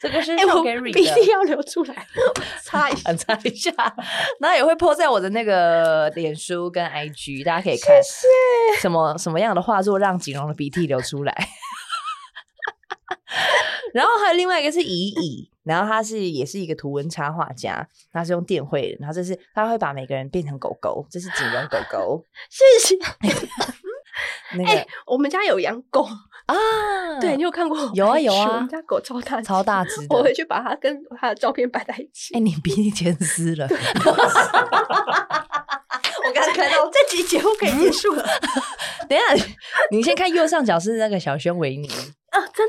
這個是、欸、我鼻涕要流出來，擦一擦 一,一下。然後也會 PO 在我的那個臉書跟 IG，大家可以看。是什麼謝謝什麼樣的畫作讓瑾蓉的鼻涕流出來？ 然後還有另外一個是乙乙，然後他是也是一個圖文插畫家，他是用電繪的。然後這是他會把每個人變成狗狗，這是瑾蓉狗狗。謝謝、 那個欸。我們家有養狗。啊，對，你有看過？有啊有啊，我們、啊、家狗超大隻，超大隻。我回去把它跟它的照片擺在一起。哎、欸，你鼻尖濕了。 我剛看到這集節目可以結束了。嗯、 等一下，你先看右上角是那個小熊維尼，真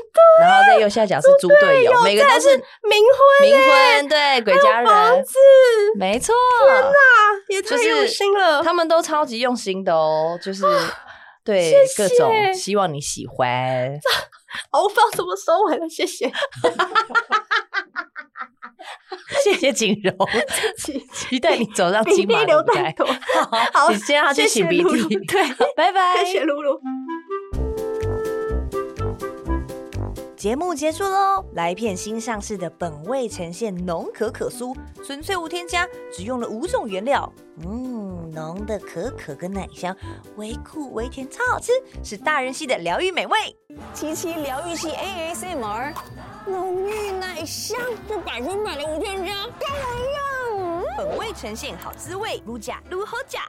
的。然後在右下角是豬隊友，友，每個都是冥婚冥婚，對鬼家人，沒錯。天哪、啊就是，也太用心了、就是！他們都超級用心的哦，就是。啊對，謝謝，各種希望你喜歡。哦、我不知道什麼時候完了，謝謝， 謝謝瑾蓉，期待你走上金馬舞台。好，今天要去擤鼻涕，對，拜拜，謝謝露露。嗯節目結束嘍、哦，來一片新上市的本味呈現濃可可酥，純粹無添加，只用了五種原料。嗯，濃的可可跟奶香，微苦微甜，超好吃，是大人系的療癒美味。七七療癒系 A S M R，濃郁奶香，就百分百的無添加，再來一。本味呈現好滋味，盧甲盧和甲。